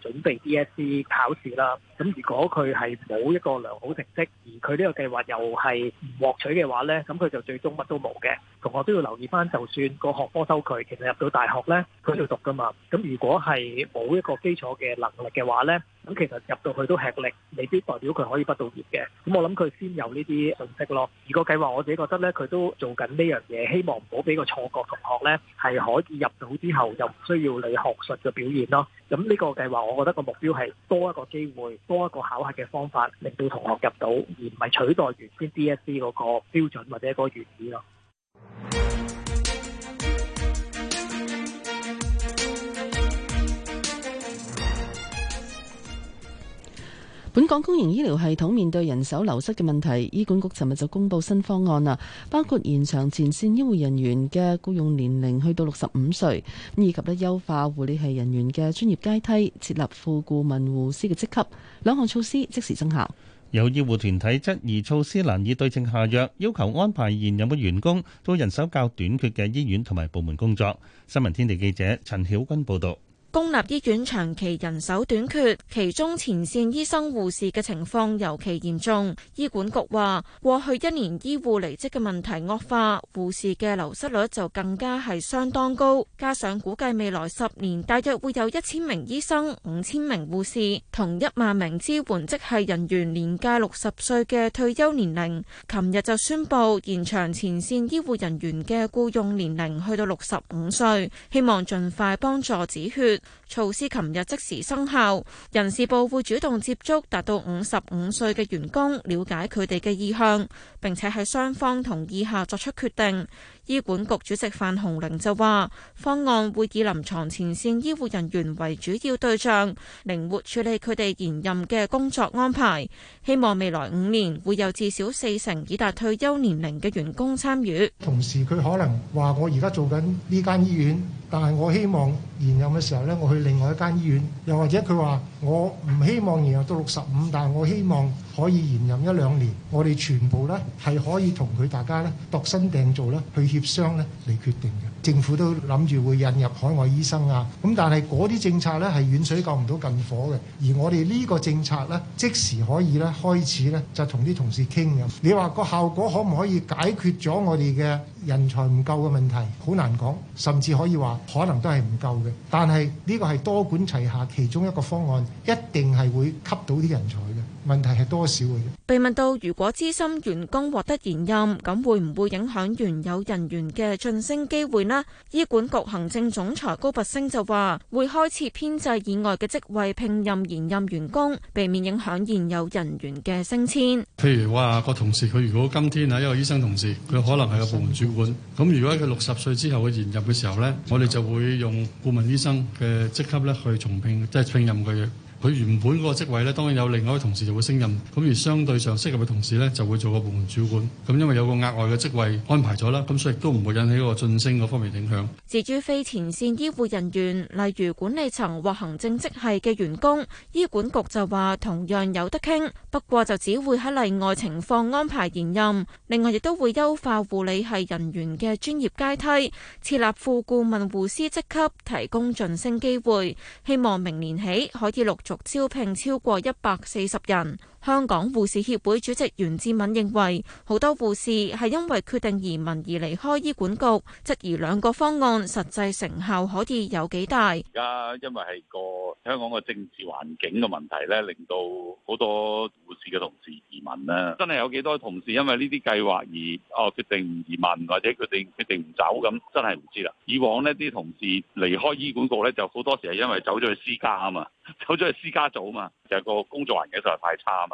準備 DSE 考試啦。咁如果佢係冇一個良好成績，而佢呢個計劃又係唔獲取嘅話呢，咁佢就最終乜都冇嘅。同學都要留意返，就算個學科收佢，其實入到大學呢，佢要讀㗎嘛。咁如果係冇一個基礎嘅能力嘅話呢。咁其實入到去都吃力，未必代表佢可以畢到業嘅。咁我諗佢先有呢啲信息咯。如果計劃我自己覺得呢，佢都做緊呢樣嘢，希望唔好俾個錯覺同學呢係可以入到之後，又唔需要你學術嘅表現咯。咁呢個計劃，我覺得個目標係多一個機會，多一個考核嘅方法，令到同學入到，而唔係取代原先 DSE 嗰個標準或者嗰個原則咯。本港公營醫療系統面對人手流失嘅問題，醫管局尋日就公布新方案啦，包括延長前線醫護人員嘅僱用年齡去到六十五歲，以及呢，優化護理系人員嘅專業階梯，設立副顧問護師嘅職級，兩項措施即時生效。有醫護團體質疑措施難以對症下藥，要求安排現任嘅員工到人手較短缺嘅醫院同埋部門工作。新聞天地記者陳曉君報道。公立醫院長期人手短缺，其中前線醫生、護士嘅情況尤其嚴重。醫管局話，過去一年醫護離職嘅問題惡化，護士嘅流失率就更加係相當高。加上估計未來十年大約會有一千名醫生、五千名護士同一萬名支援職系人員年屆六十歲嘅退休年齡，琴日就宣布延長前線醫護人員嘅僱傭年齡去到六十五歲，希望盡快幫助止血。措施琴日即時生效，人事部會主動接觸達到五十五歲嘅員工，了解佢哋嘅意向，並且喺雙方同意下作出決定。醫管局主席范鴻齡就話：方案會以臨床前綫醫護人員為主要對象，靈活處理佢哋延任嘅工作安排。希望未來五年會有至少四成已達退休年齡嘅員工參與。同時佢可能話：我而家做緊呢間醫院，但係我希望延任嘅時候呢，我去另外一間醫院。又或者佢話：我唔希望延任到六十五，但係我希望可以延任一兩年。我哋全部呢，係可以同佢大家呢度身訂做啦去。協商咧嚟決定嘅，政府都諗住會引入海外醫生啊，咁但係嗰啲政策咧係遠水救唔到近火嘅，而我哋呢個政策咧即時可以咧開始咧就同啲同事傾嘅。你話個效果可唔可以解決咗我哋嘅人才唔夠嘅問題？好難講，甚至可以話可能都係唔夠嘅。但係呢個係多管齊下其中一個方案，一定係會吸到啲人才嘅。問題係多少嘅？被問到如果資深員工獲得延任，咁會唔會影響原有人員嘅晉升機會呢？醫管局行政總裁高拔昇就話：會開設編制以外嘅職位聘任延任員工，避免影響現有人員嘅升遷。譬如話個同事佢如果今天係一個醫生同事，佢可能係個部門主管，咁如果佢六十歲之後嘅延任嘅時候呢，我哋就會用顧問醫生嘅職級咧去重聘，即係聘任佢。佢原本嗰個職位咧，當然有另外一同事就會升任，咁而相對上適合嘅同事咧就會做個部門主管。咁因為有個額外嘅職位安排咗啦，咁所以都唔會引起個晉升嗰方面影響。至於非前綫醫護人員，例如管理層或行政職系嘅員工，醫管局就話同樣有得傾，不過就只會喺例外情況安排延任。另外亦都會優化護理系人員嘅專業階梯，設立副顧問護師職級提供晉升機會，希望明年起可以陸續。招聘超過一百四十人。香港護士協會主席袁志敏認為，好多護士係因為決定移民而離開醫管局，質疑兩個方案實際成效可以有幾大。而家因為係個香港嘅政治環境嘅問題咧，令到好多護士嘅同事移民咧，真係有幾多同事因為呢啲計劃而哦決定唔移民，或者決定決定唔走咁，真係唔知啦。以往呢啲同事離開醫管局咧，就好多時係因為走咗去私家啊嘛，走咗去私家組啊嘛，就係個工作環境實在太差啊嘛。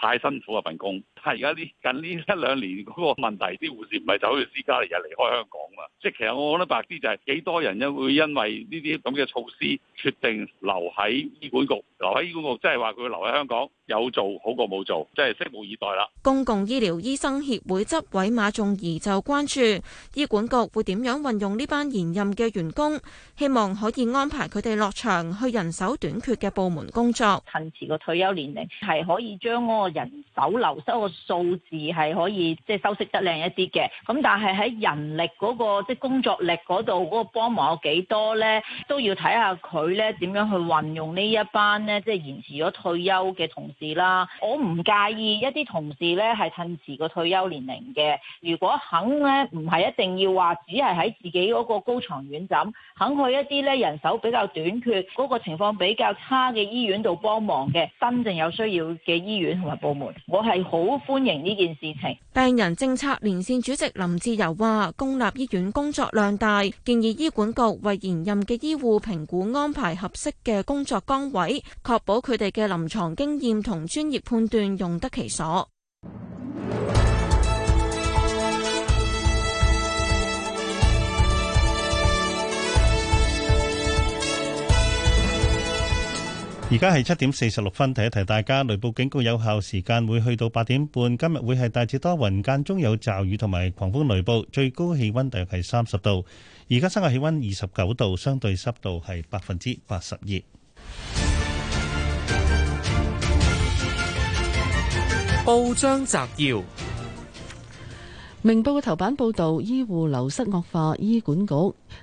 太辛苦啊份工，但係而家呢近呢一兩年嗰個問題，啲護士唔係走去私家嚟日離開香港嘛，即係其實我講得白啲就係、是、幾多人因會因為呢啲咁嘅措施決定留喺醫管局，留喺醫管局即係話佢留喺香港有做好過冇做，即係拭目以待啦。公共醫療醫生協會執委馬仲儀就關注醫管局會點樣運用呢班現任嘅員工，希望可以安排佢哋落場去人手短缺嘅部門工作，延遲個退休年齡係可以將。人手流失個數字係可以即係、就是、修飾得靚一啲嘅，咁但係喺人力嗰、那個即係、就是、工作力嗰度嗰個幫忙有幾多咧，都要睇下佢咧點樣去運用呢一班咧即係延遲咗退休嘅同事啦。我唔介意一啲同事咧係褪遲個退休年齡嘅，如果肯咧唔係一定要話只係喺自己嗰個高床軟枕，肯去一啲咧人手比較短缺、嗰、那個情況比較差嘅醫院度幫忙嘅，真正有需要嘅醫院同埋部門，我係好歡迎呢件事情。病人政策連線主席林志柔話，公立醫院工作量大，建議醫管局為延任嘅醫護評估安排合適嘅工作崗位，確保佢哋嘅臨床經驗同專業判斷用得其所。而家係七點四十六分，提一提大家，雷暴警告有效時間會去到八點半。今日會係大致多雲，間中有驟雨同埋狂風雷暴，最高氣溫大約係三十度。而家室外氣溫二十九度，相對濕度係百分之八十二。報章摘要。明報嘅頭版報道，醫護流失惡化，醫管局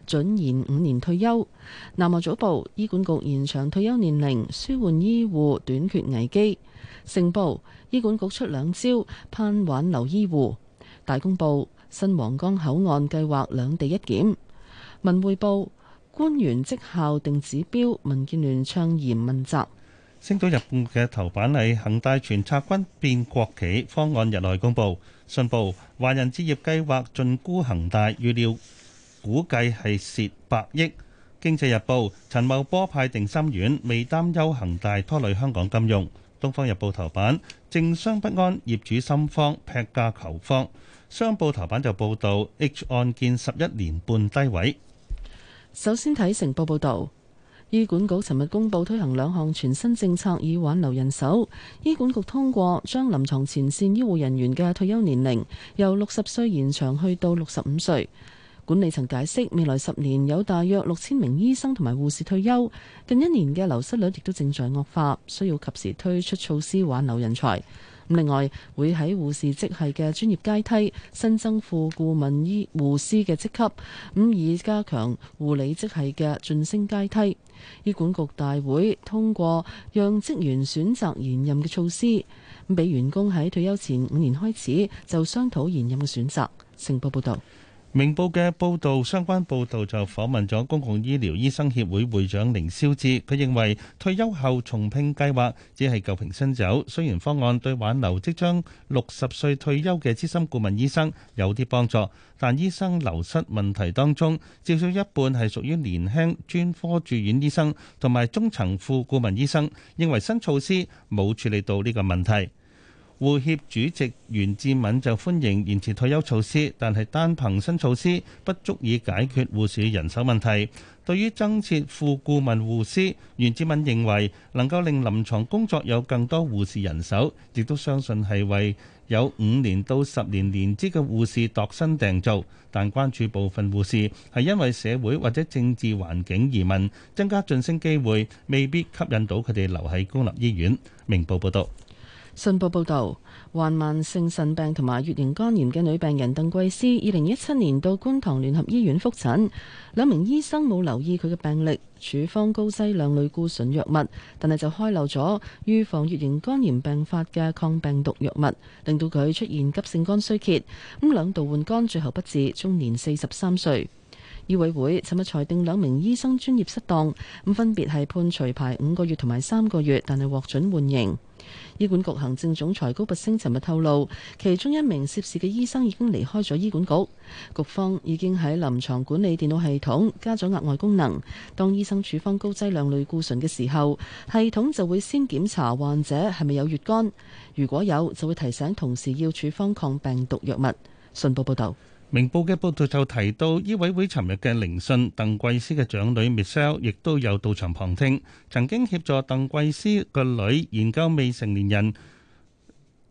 准延五年退休。南華早報，醫管局延長退休年齡，舒緩醫護短缺危機。星報，醫管局出兩招，盼挽留醫護。大公報，新皇崗口岸計劃兩地一檢。文匯報，官員績效定指標，民建聯暢言問責。星島日報嘅頭版係恒大全拆軍變國企方案日內公布。，信報，華人置業計劃盡沽恒大，預料估計係蝕百億。經濟日報，陳茂波派定心丸，未擔憂恒大拖累香港金融。東方日報頭版，政商不安，業主心慌，劈價求方。商報頭版就報導 H 案件十一年半低位。首先睇成報報導。醫管局尋日公布推行兩項全新政策，以挽留人手。醫管局通過將臨床前線醫護人員嘅退休年齡由六十歲延長去到六十五歲。管理層解釋，未來十年有大約六千名醫生同埋護士退休，近一年嘅流失率亦都正在惡化，需要及時推出措施挽留人才。另外，會喺護士職系嘅專業階梯新增副顧問醫護師嘅職級，咁以加強護理職系嘅晉升階梯。醫管局大會通過讓職員選擇延任嘅措施，咁俾員工喺退休前五年開始就商討延任嘅選擇。成報報道。明報嘅報導相關報導就訪問咗公共醫療醫生協會會長凌霄志，佢認為退休後重聘計劃只係舊瓶新酒，雖然方案對挽留即將六十歲退休嘅資深顧問醫生有啲幫助，但醫生流失問題當中至少一半係屬於年輕專科住院醫生同埋中層副顧問醫生，認為新措施冇處理到呢個問題。護協主席袁志敏就歡迎延遲退休措施，但係單憑新措施不足以解決護士人手問題。對於增設副顧問護師，袁志敏認為能夠令臨牀工作有更多護士人手，亦都相信係為有五年到十年年資嘅護士度身訂造。但關注部分護士係因為社會或者政治環境移民，增加晉升機會未必吸引到佢哋留喺公立醫院。明報報道。信報報導，患慢性腎病同埋乙型肝炎嘅女病人鄧桂思，二零一七年到觀塘聯合醫院覆診，兩名醫生冇留意佢嘅病歷，處方高劑量類固醇藥物，但係就開漏咗預防乙型肝炎病發嘅抗病毒藥物，令到佢出現急性肝衰竭，咁兩度換肝最後不治，終年四十三歲。醫委會尋日裁定兩名醫生專業失當，咁分別係判除牌五個月同埋三個月，但係獲准緩刑。醫管局行政總裁高拔升尋日透露，其中一名涉事嘅醫生已經離開咗醫管局，局方已經喺臨床管理電腦系統加咗額外功能，當醫生處方高劑量類固醇嘅時候，系統就會先檢查患者係咪有乙肝，如果有就會提醒同事要處方抗病毒藥物。信報報道。明報嘅報道就提到，醫委會尋日嘅聆訊，鄧桂思嘅長女 Michelle 亦都有到場旁聽。曾經協助鄧桂思個女研究未成年人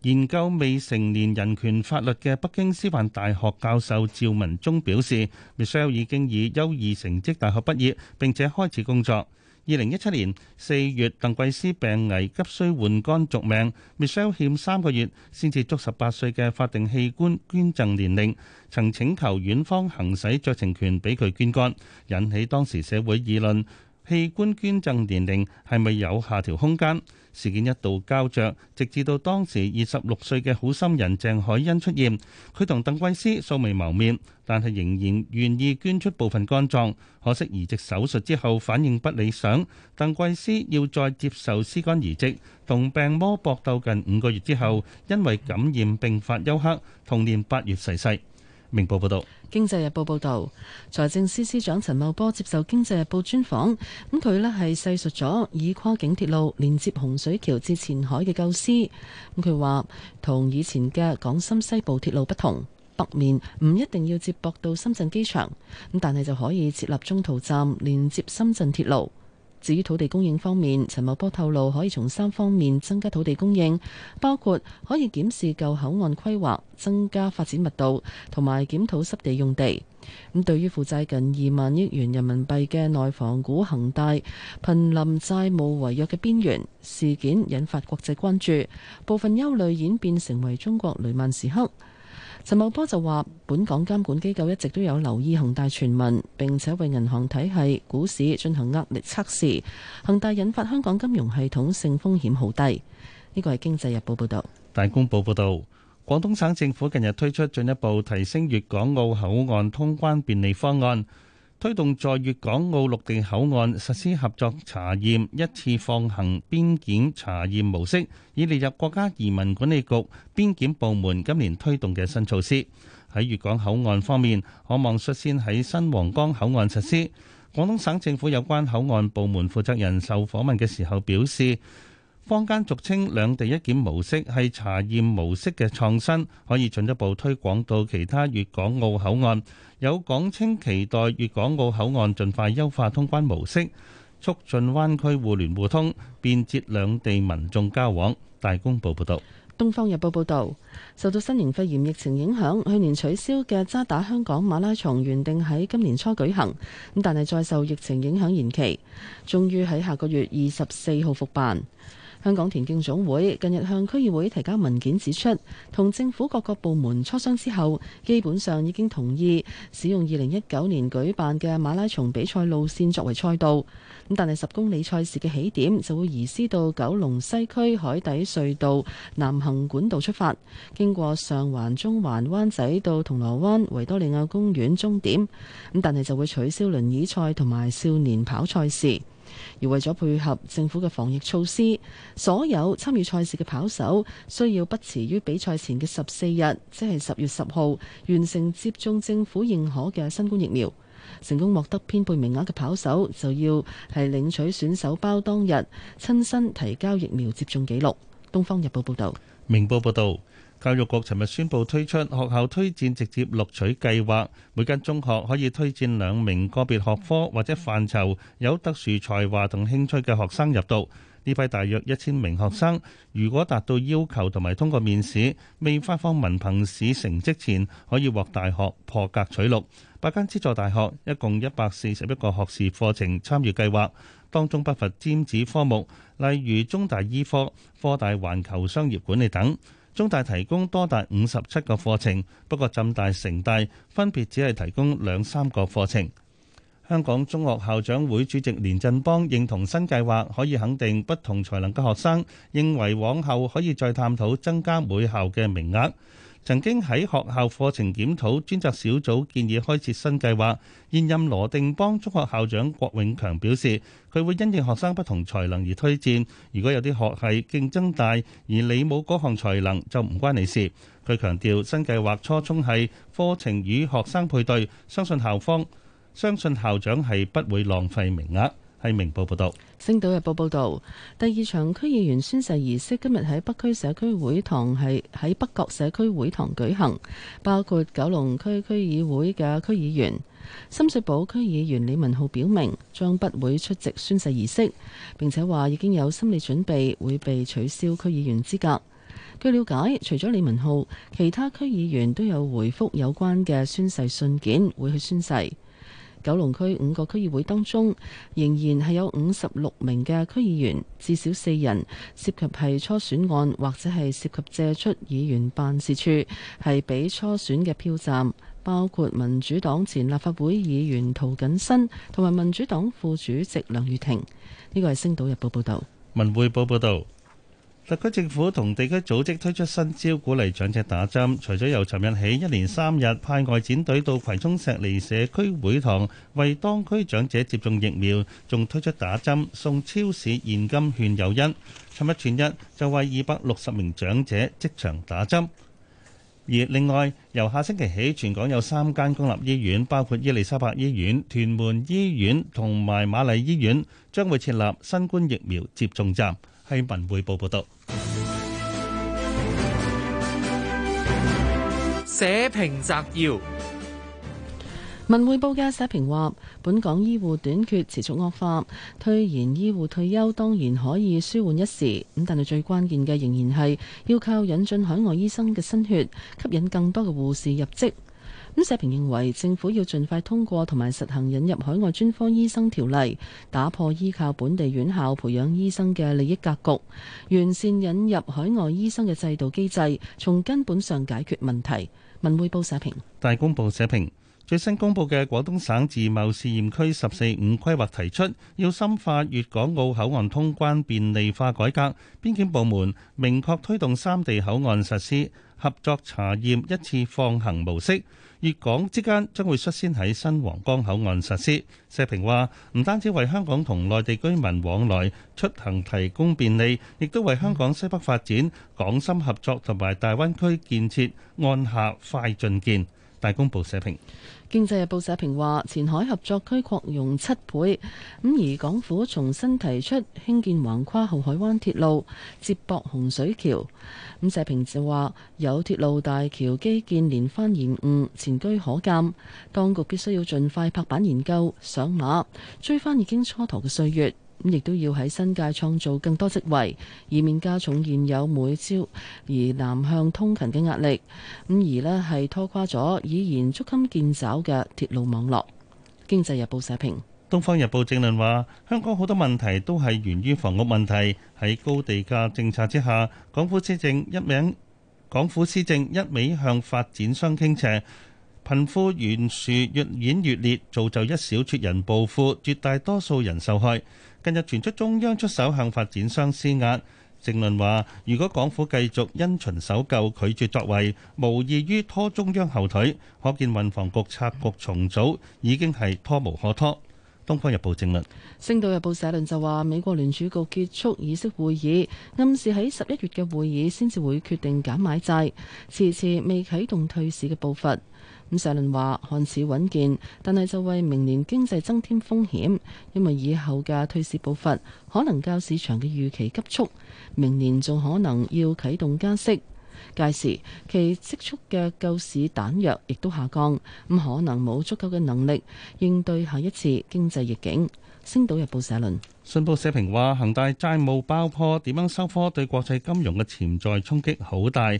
研究未成年人權法律嘅北京師範大學教授趙文忠表示，Michelle 已經以優異成績大學畢業，並且開始工作。二零一七年四月，鄧桂斯病危，急需換肝續命。Michelle 欠三個月，先至足十八歲嘅法定器官捐贈年齡，曾請求院方行使酌情權俾佢捐肝，引起當時社會議論。器官捐贈年齡係咪有下調空間？事件一度膠着，直至到當時二十六歲嘅好心人鄭海欣出現，佢同鄧桂思素未謀面，但係仍然願意捐出部分肝臟，可惜移植手術之後反應不理想，鄧桂思要再接受屍肝移植，同病魔搏鬥近五個月之後，因為感染併發休克，同年八月逝世。明報報導，《經濟日報，報道》報導，財政司司長陳茂波接受《經濟日報專訪》專訪，咁佢呢係細述咗以跨境鐵路連接洪水橋至前海嘅構思。咁佢話，同以前嘅港深西部鐵路不同，北面唔一定要接駁到深圳機場，咁但係就可以設立中途站連接深圳鐵路。至於土地供應方面，陳茂波透露可以從三方面增加土地供應，包括可以檢視舊口岸規劃、增加發展密度同埋檢討濕地用地。咁對於負債近二萬億元人民幣嘅內房股恒大，瀕臨債務違約嘅邊緣事件引發國際關注，部分憂慮演變成為中國雷曼時刻。陳茂波就話，本港監管機構一直都有留意恒大傳聞，並且為銀行體系、股市進行壓力測試。恒大引發香港金融系統性風險好低。呢個係《經濟日報》報道。大公報報道，廣東省政府近日推出進一步提升粵港澳口岸通關便利方案。推動在粵港澳陸地口岸實施合作查驗、一次放行邊檢查驗模式，已列入國家移民管理局邊檢部門今年推動嘅新措施。喺粵港口岸方面，可望率先喺新皇崗口岸實施。廣東省政府有關口岸部門負責人受訪問嘅時候表示。坊間俗稱兩地一檢模式係查驗模式嘅創新，可以進一步推廣到其他粵港澳口岸。有港青期待粵港澳口岸盡快優化通關模式，促進灣區互聯互通，便捷兩地民眾交往。大公報報道，《東方日報》報道，受到新型肺炎疫情影響，去年取消嘅渣打香港馬拉松原定喺今年初舉行，咁但係再受疫情影響延期，終於喺下個月二十四號復辦。香港田徑總會近日向區議會提交文件指出，同政府各個部門磋商之後，基本上已經同意使用二零一九年舉辦嘅馬拉松比賽路線作為賽道。咁但係十公里賽事嘅起點就會移師到九龍西區海底隧道南行管道出發，經過上環、中環、灣仔到銅鑼灣維多利亞公園終點。咁但係就會取消輪椅賽同埋少年跑賽事。而為咗配合政府嘅防疫措施，所有參與賽事嘅跑手需要不遲於比賽前嘅十四日，即係十月十號完成接種政府認可嘅新冠疫苗。成功獲得編配名額嘅跑手就要係領取選手包當日親身提交疫苗接種記錄。《東方日報》報道。《明報》報道。教育局尋日宣佈推出學校推薦直接錄取計劃，每間中學可以推薦兩名個別學科或者範疇有特殊才華同興趣嘅學生入讀。呢批大約一千名學生，如果達到要求同埋通過面試，未發放文憑試成績前，可以獲大學破格取錄。八間資助大學一共一百四十一個學士課程參與計劃，當中不乏尖子科目，例如中大醫科、科大環球商業管理等。中大提供多達五十七個課程，不過浸大、成大、城大分別只係提供兩三個課程。香港中學校長會主席連振邦認同新計劃，可以肯定不同才能嘅學生，認為往後可以再探討增加每校嘅名額。曾經喺學校課程檢討專責小組建議開設新計劃，現任羅定邦中學校長郭永強表示，佢會因應學生不同才能而推薦。如果有啲學系競爭大，而你冇嗰項才能，就唔關你事。佢強調，新計劃初衷係課程與學生配對，相信校方，相信校長係不會浪費名額。《明報》報導，《星島日報》報道：「第二場區議員宣誓儀式今日喺北區社區會堂係喺北角社區會堂舉行。包括九龍區區議會嘅區議員深水埗區議員李文浩表明將不會出席宣誓儀式，並且話已經有心理準備會被取消區議員資格。據了解，除咗李文浩，其他區議員都有回覆有關嘅宣誓信件，會去宣誓。」九龍區五個區議會當中，仍然係有五十六名嘅區議員，至少四人涉及係初選案，或者係涉及借出議員辦事處，係畀初選嘅票站，包括民主黨前立法會議員涂謹申，同埋民主黨副主席梁玉婷。呢個係《星島日報》報道，《文匯報》報道。特區政府同地區組織推出新招，鼓勵長者打針。除咗由尋日起一連三日派外展隊到葵涌石梨社區會堂為當區長者接種疫苗，仲推出打針送超市現金券誘因。尋日全日就為二百六十名長者即場打針。而另外，由下星期起，全港有三間公立醫院，包括伊利沙伯醫院、屯門醫院同埋瑪麗醫院，將會設立新冠疫苗接種站。係文匯報報道，社評摘要。文匯報嘅社評話：本港醫護短缺持續惡化，推延醫護退休當然可以舒緩一時，咁但係最關鍵嘅仍然係要靠引進海外醫生嘅新血，吸引更多嘅護士入職。咁社評認為，政府要盡快通過同埋實行引入海外專科醫生條例，打破依靠本地院校培養醫生嘅利益格局，完善引入海外醫生嘅制度機制，從根本上解決問題。文匯報社評、大公報社評最新公布嘅廣東省自貿試驗區十四五規劃提出，要深化粵港澳口岸通關便利化改革，邊檢部門明確推動三地口岸實施。合作查驗一次放行模式，粵港之間將會率先喺新皇崗口岸實施。社評話，唔單止為香港同內地居民往來出行提供便利，亦都為香港西北發展、港深合作同埋大灣區建設按下快進鍵。大公報社評。經濟日報社評話：前海合作區擴容七倍，咁而港府重新提出興建橫跨後海灣鐵路接駁洪水橋，咁社評就話有鐵路大橋基建連番延誤，前居可鑒，當局必須要盡快拍板研究上馬，追翻已經蹉跎嘅歲月。咁亦都要喺新界創造更多職位，以免加重現有每朝而南向通勤嘅壓力。咁而呢係拖垮咗已然捉襟見肘嘅鐵路網絡。經濟日報社評，《東方日報》正論話：香港好多問題都係源於房屋問題。喺高地價政策之下，港府施政一名港府施政一味向發展商傾斜，貧富懸殊越演越烈，造就一小撮人暴富，絕大多數人受害。近日傳出中央出手向發展商施壓，政論話：如果港府繼續因循守舊，拒絕作為，無異於拖中央後腿。可見運房局拆局重組已經係拖無可拖。東方日報政論，星島日報社論就話：美國聯儲局結束議息會議，暗示喺十一月嘅會議先至會決定減買債，遲遲未啟動退市嘅步伐。咁社論話，看似穩健，但係就為明年經濟增添風險，因為以後嘅退市步伐可能較市場嘅預期急促，明年仲可能要啟動加息。屆時其積蓄嘅救市彈藥亦都下降，咁可能冇足夠嘅能力應對下一次經濟逆境。星島日報社論，信報社評話，恒大債務爆破點樣收科，對國際金融嘅潛在衝擊好大。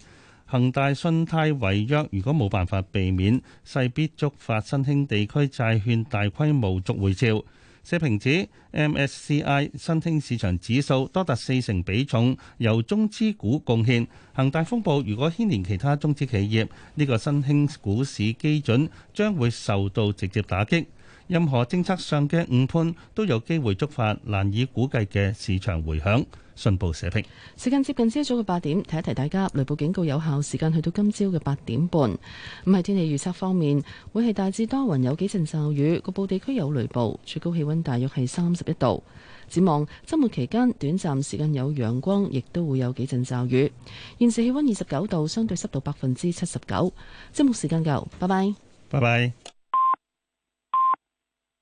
恒大信貸違約，如果冇辦法避免，勢必觸發新興地區債券大規模續回潮。社評指 MSCI 新興市場指數多達四成比重由中資股貢獻，恒大風暴如果牽連其他中資企業，呢、這個新興股市基準將會受到直接打擊。任何政策上嘅誤判都有機會觸發難以估計嘅市場回響。信報社評，時間接近朝早嘅八點，提一提大家，雷暴警告有效時間去到今朝嘅八點半。咁喺天氣預測方面，會係大致多雲有幾陣驟雨，局部地區有雷暴，最高氣温大約係三十一度。展望周末期間，短暫時間有陽光，亦都會有幾陣驟雨。現時氣温二十九度，相對濕度百分之七十九。周末時間夠，拜拜，拜拜。